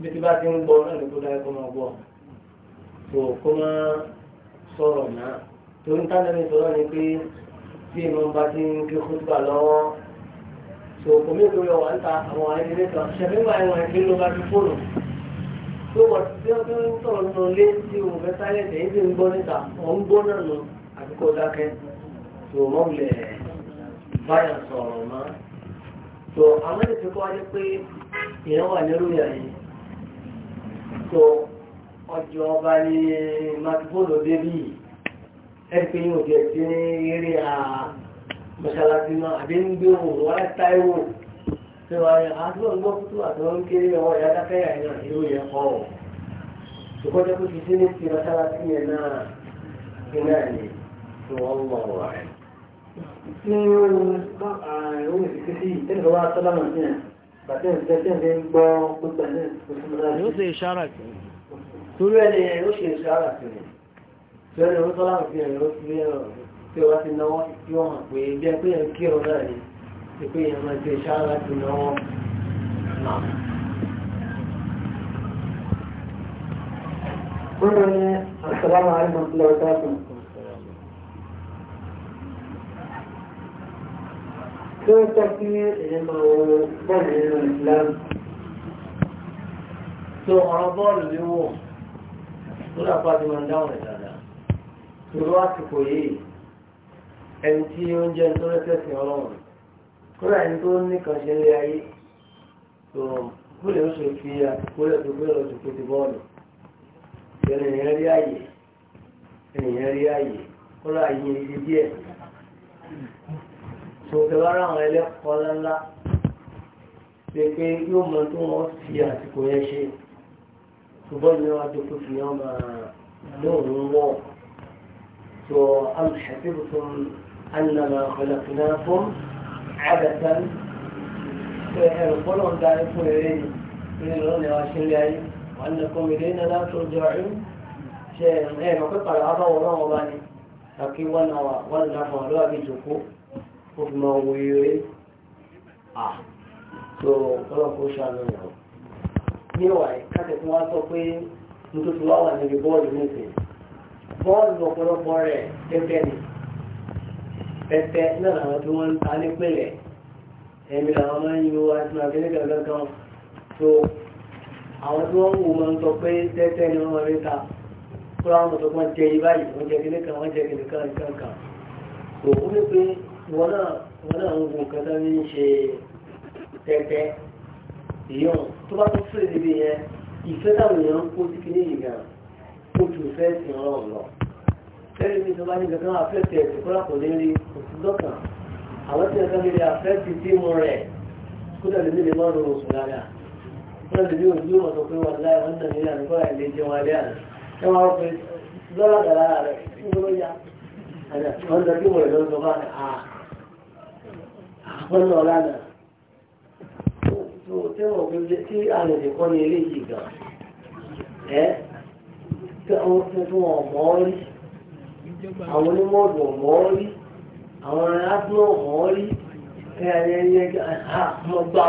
Speaker 1: bí ti bá ti ń gbọ́ náà ni kó dáa kó máa gbọ́ tó kó máa sọ̀rọ̀ náà tó ń tánà ní sọ̀rọ̀ ni pé bí ìmọ̀ bá ti ń gbé kútùbà lọ́wọ́ tó kò mí ìlú yọ wà níta àwọn ayẹyẹ kan ṣẹlẹ̀ nígbà yẹn wọn kì í lọ bá fi fóònù tó wọ́n ti dé ọdún ń sọ̀rọ̀ nù lé tí o fẹ́ sáyẹ̀ tẹ̀ ẹ́ ń gbọ́ níta wọ́n ń gbọ́ náà nù àti kó dákẹ́ tó wọ́n lẹ̀ báyà sọ̀rọ̀ mọ́ tó àwọn ọjọ́ ọba ní mákìfóònù débì ẹ̀ pé yóò jẹ́ sí eré àá mọ́ṣáláṣí náà àbí ń gbé òun wá táìwò tí wọ́n yẹ àdúgbò ń gbọ́ kútú àti wọ́n ń kéré ọwọ́ ìyá dákẹ́yà náà irú yẹn kọ́ ọ̀ ìkọ́jọ́ kó ti sí ní ti mọ́ṣáláṣí yẹn náà iná ni tí wọ́n mọ̀ wà rẹ̀. tí ohun ìsìnkú sí tẹ́lẹ̀ wá sọ́lámà sí yẹn bàtẹ́ ìṣẹ́ṣẹ́ ń gbọ́ gbogbo ẹ̀ ní oṣù ìṣára sí i. torí ẹni ó ṣe ìṣára tí ó bá ti náwó yóò hàn pé bí ẹ pé ẹ kírun náà ni ti pé èèyàn máa ti ṣáà
Speaker 2: láti náwó náà. Bọ́lá ní àṣàlámà àìmọ̀tílẹ̀ ọ̀tọ́kùn. Tí ó tọ́ sí èèyàn máa
Speaker 1: wọ bọ́ọ̀lù nínú ìsìlámù. Tó ọ̀rọ̀ bọ́ọ̀lù léwọ̀ tó dàpá ti máa dáhùn ẹ̀ dáadáa. Tòró àsìkò yìí ẹni tí ó ń jẹ́ tó rẹ́tẹ̀sìn ọlọ́run kódà ẹni tó ní kan ṣe lé ayé tó kúlẹ̀ ó ṣe fi àkókòlẹ̀ tó gbé lọ sókè ti bọ́ọ̀lù ènìyàn rí àyè ènìyàn rí àyè kódà ayé ibi díẹ̀ tó kẹwàá rà àwọn ẹlẹ́kọ̀ọ́ ńláńlá pé pé yóò mọ tó wọ́n fi àsìkò yẹn ṣe ṣùgbọ́n ní wọ́n á dókòó fi yàn máa lóòrùn wọ̀ tó alùpàdé tuntun. أنما خلقناكم عبثا فيقولون ذلك إليه يقولون يا شيخ وأنكم إلينا لا ترجعون شيء إيه ما كنت على هذا ولا وباني لكن ولا ولا فعلوا بيجوكو وفي ما آه so kọlọ́n kó ṣàánú ìyàwó nínú àyè káṣẹ̀ tí wọ́n sọ pé nítorí wọ́n wà níbi bọ́ọ̀lù nísìnyí bọ́ọ̀lù ọ̀pọ̀lọpọ̀ rẹ̀ gẹ́gẹ́ ni pẹ́pẹ́ náà làwọn tí wọ́n ń ta nípìnlẹ̀ ẹ̀mí làwọn máa ń yo àti màbí ní gangan so àwọn tí wọ́n ń wò máa ń sọ pé tẹ́tẹ́ ni wọ́n rí ta kúrò àwọn tó kàn jẹ ibà yìí wọ́n jẹ kíní kan wọ́n jẹ kíní kan kan kan so ó ní pé wọn náà wọn náà ń wo nǹkan tó ń ṣe tẹ́tẹ́ èèyàn tó bá tó fèrè níbi yẹn ìfẹ́ táwọn èèyàn ń kó sí kíní ó tún fẹ́ sìn ọlọ́run lọ ẹ̀rí mi tó ní kankan àfẹ́tì ẹ̀sìn kọ́lá kò ní rí oṣù dọ́kàn àwọn tí kankan lè àfẹ́tì tí mo rẹ̀ kó dàbí mi lè má oṣù rárá kó dàbí mi ò ní wọn sọ pé wọn láì wọn tàn nílẹ̀ nípa ilé jẹun alẹ́ àná ẹ wọn pe dọ́là dàrá rẹ̀ nígbà ya wọn sọ kí wọn lọ sọ bá a àpọn náà lánàá tó tẹ́wọ̀n pé tí àwọn onímọ̀ọ̀dù ọ̀mọ́ rí àwọn aráàlú ọ̀mọ́ rí ẹ̀yẹ ẹ̀yẹ àmọ́gbà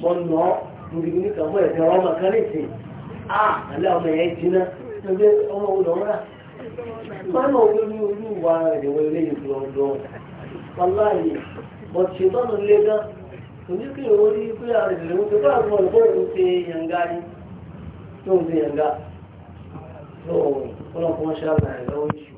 Speaker 1: mọ̀nà mùsùlùmí nìkan fún ẹ̀sẹ̀ ọmọ mẹkáníìsì àlẹ́ ọmọ ẹ̀yẹ jiná ẹgbẹ́ ọmọ òun lọ́wọ́ rà mọ́nà òun ní orí ìwà ẹ̀dẹ̀wọ̀ ilé ìlú ọ̀dọ́ wàláyé bọ̀tì ìbánu lé gan oníkè orí pé àrẹ̀lẹ̀ òun bá àwọn ọ̀gbọ́n òun yànga tó ń yànga tó ọ̀rọ̀ ọ̀pọ̀lọpọ̀ ṣáà lọ́wọ́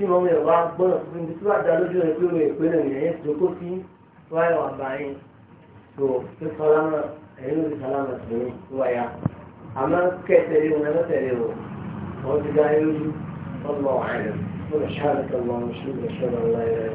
Speaker 1: tí mo mẹ́rin wá gbọ́n níbi tí wàá da lójú rẹ̀ pé omi ìpínlẹ̀ nìyẹn yẹn tó kó sí wáyà wà báyìí tó ṣe sálámà ẹ̀yìn ló ti sálámà sí wáyà àmọ́ kẹ́tẹ̀lé wọn ẹ̀ lọ́tẹ̀lé wọn
Speaker 3: wọ́n ti dá yín lójú ọlọ́ọ̀ àyẹ̀ wọ́n lọ ṣáà lọ́tọ̀ wọn ṣùgbọ́n ṣẹ́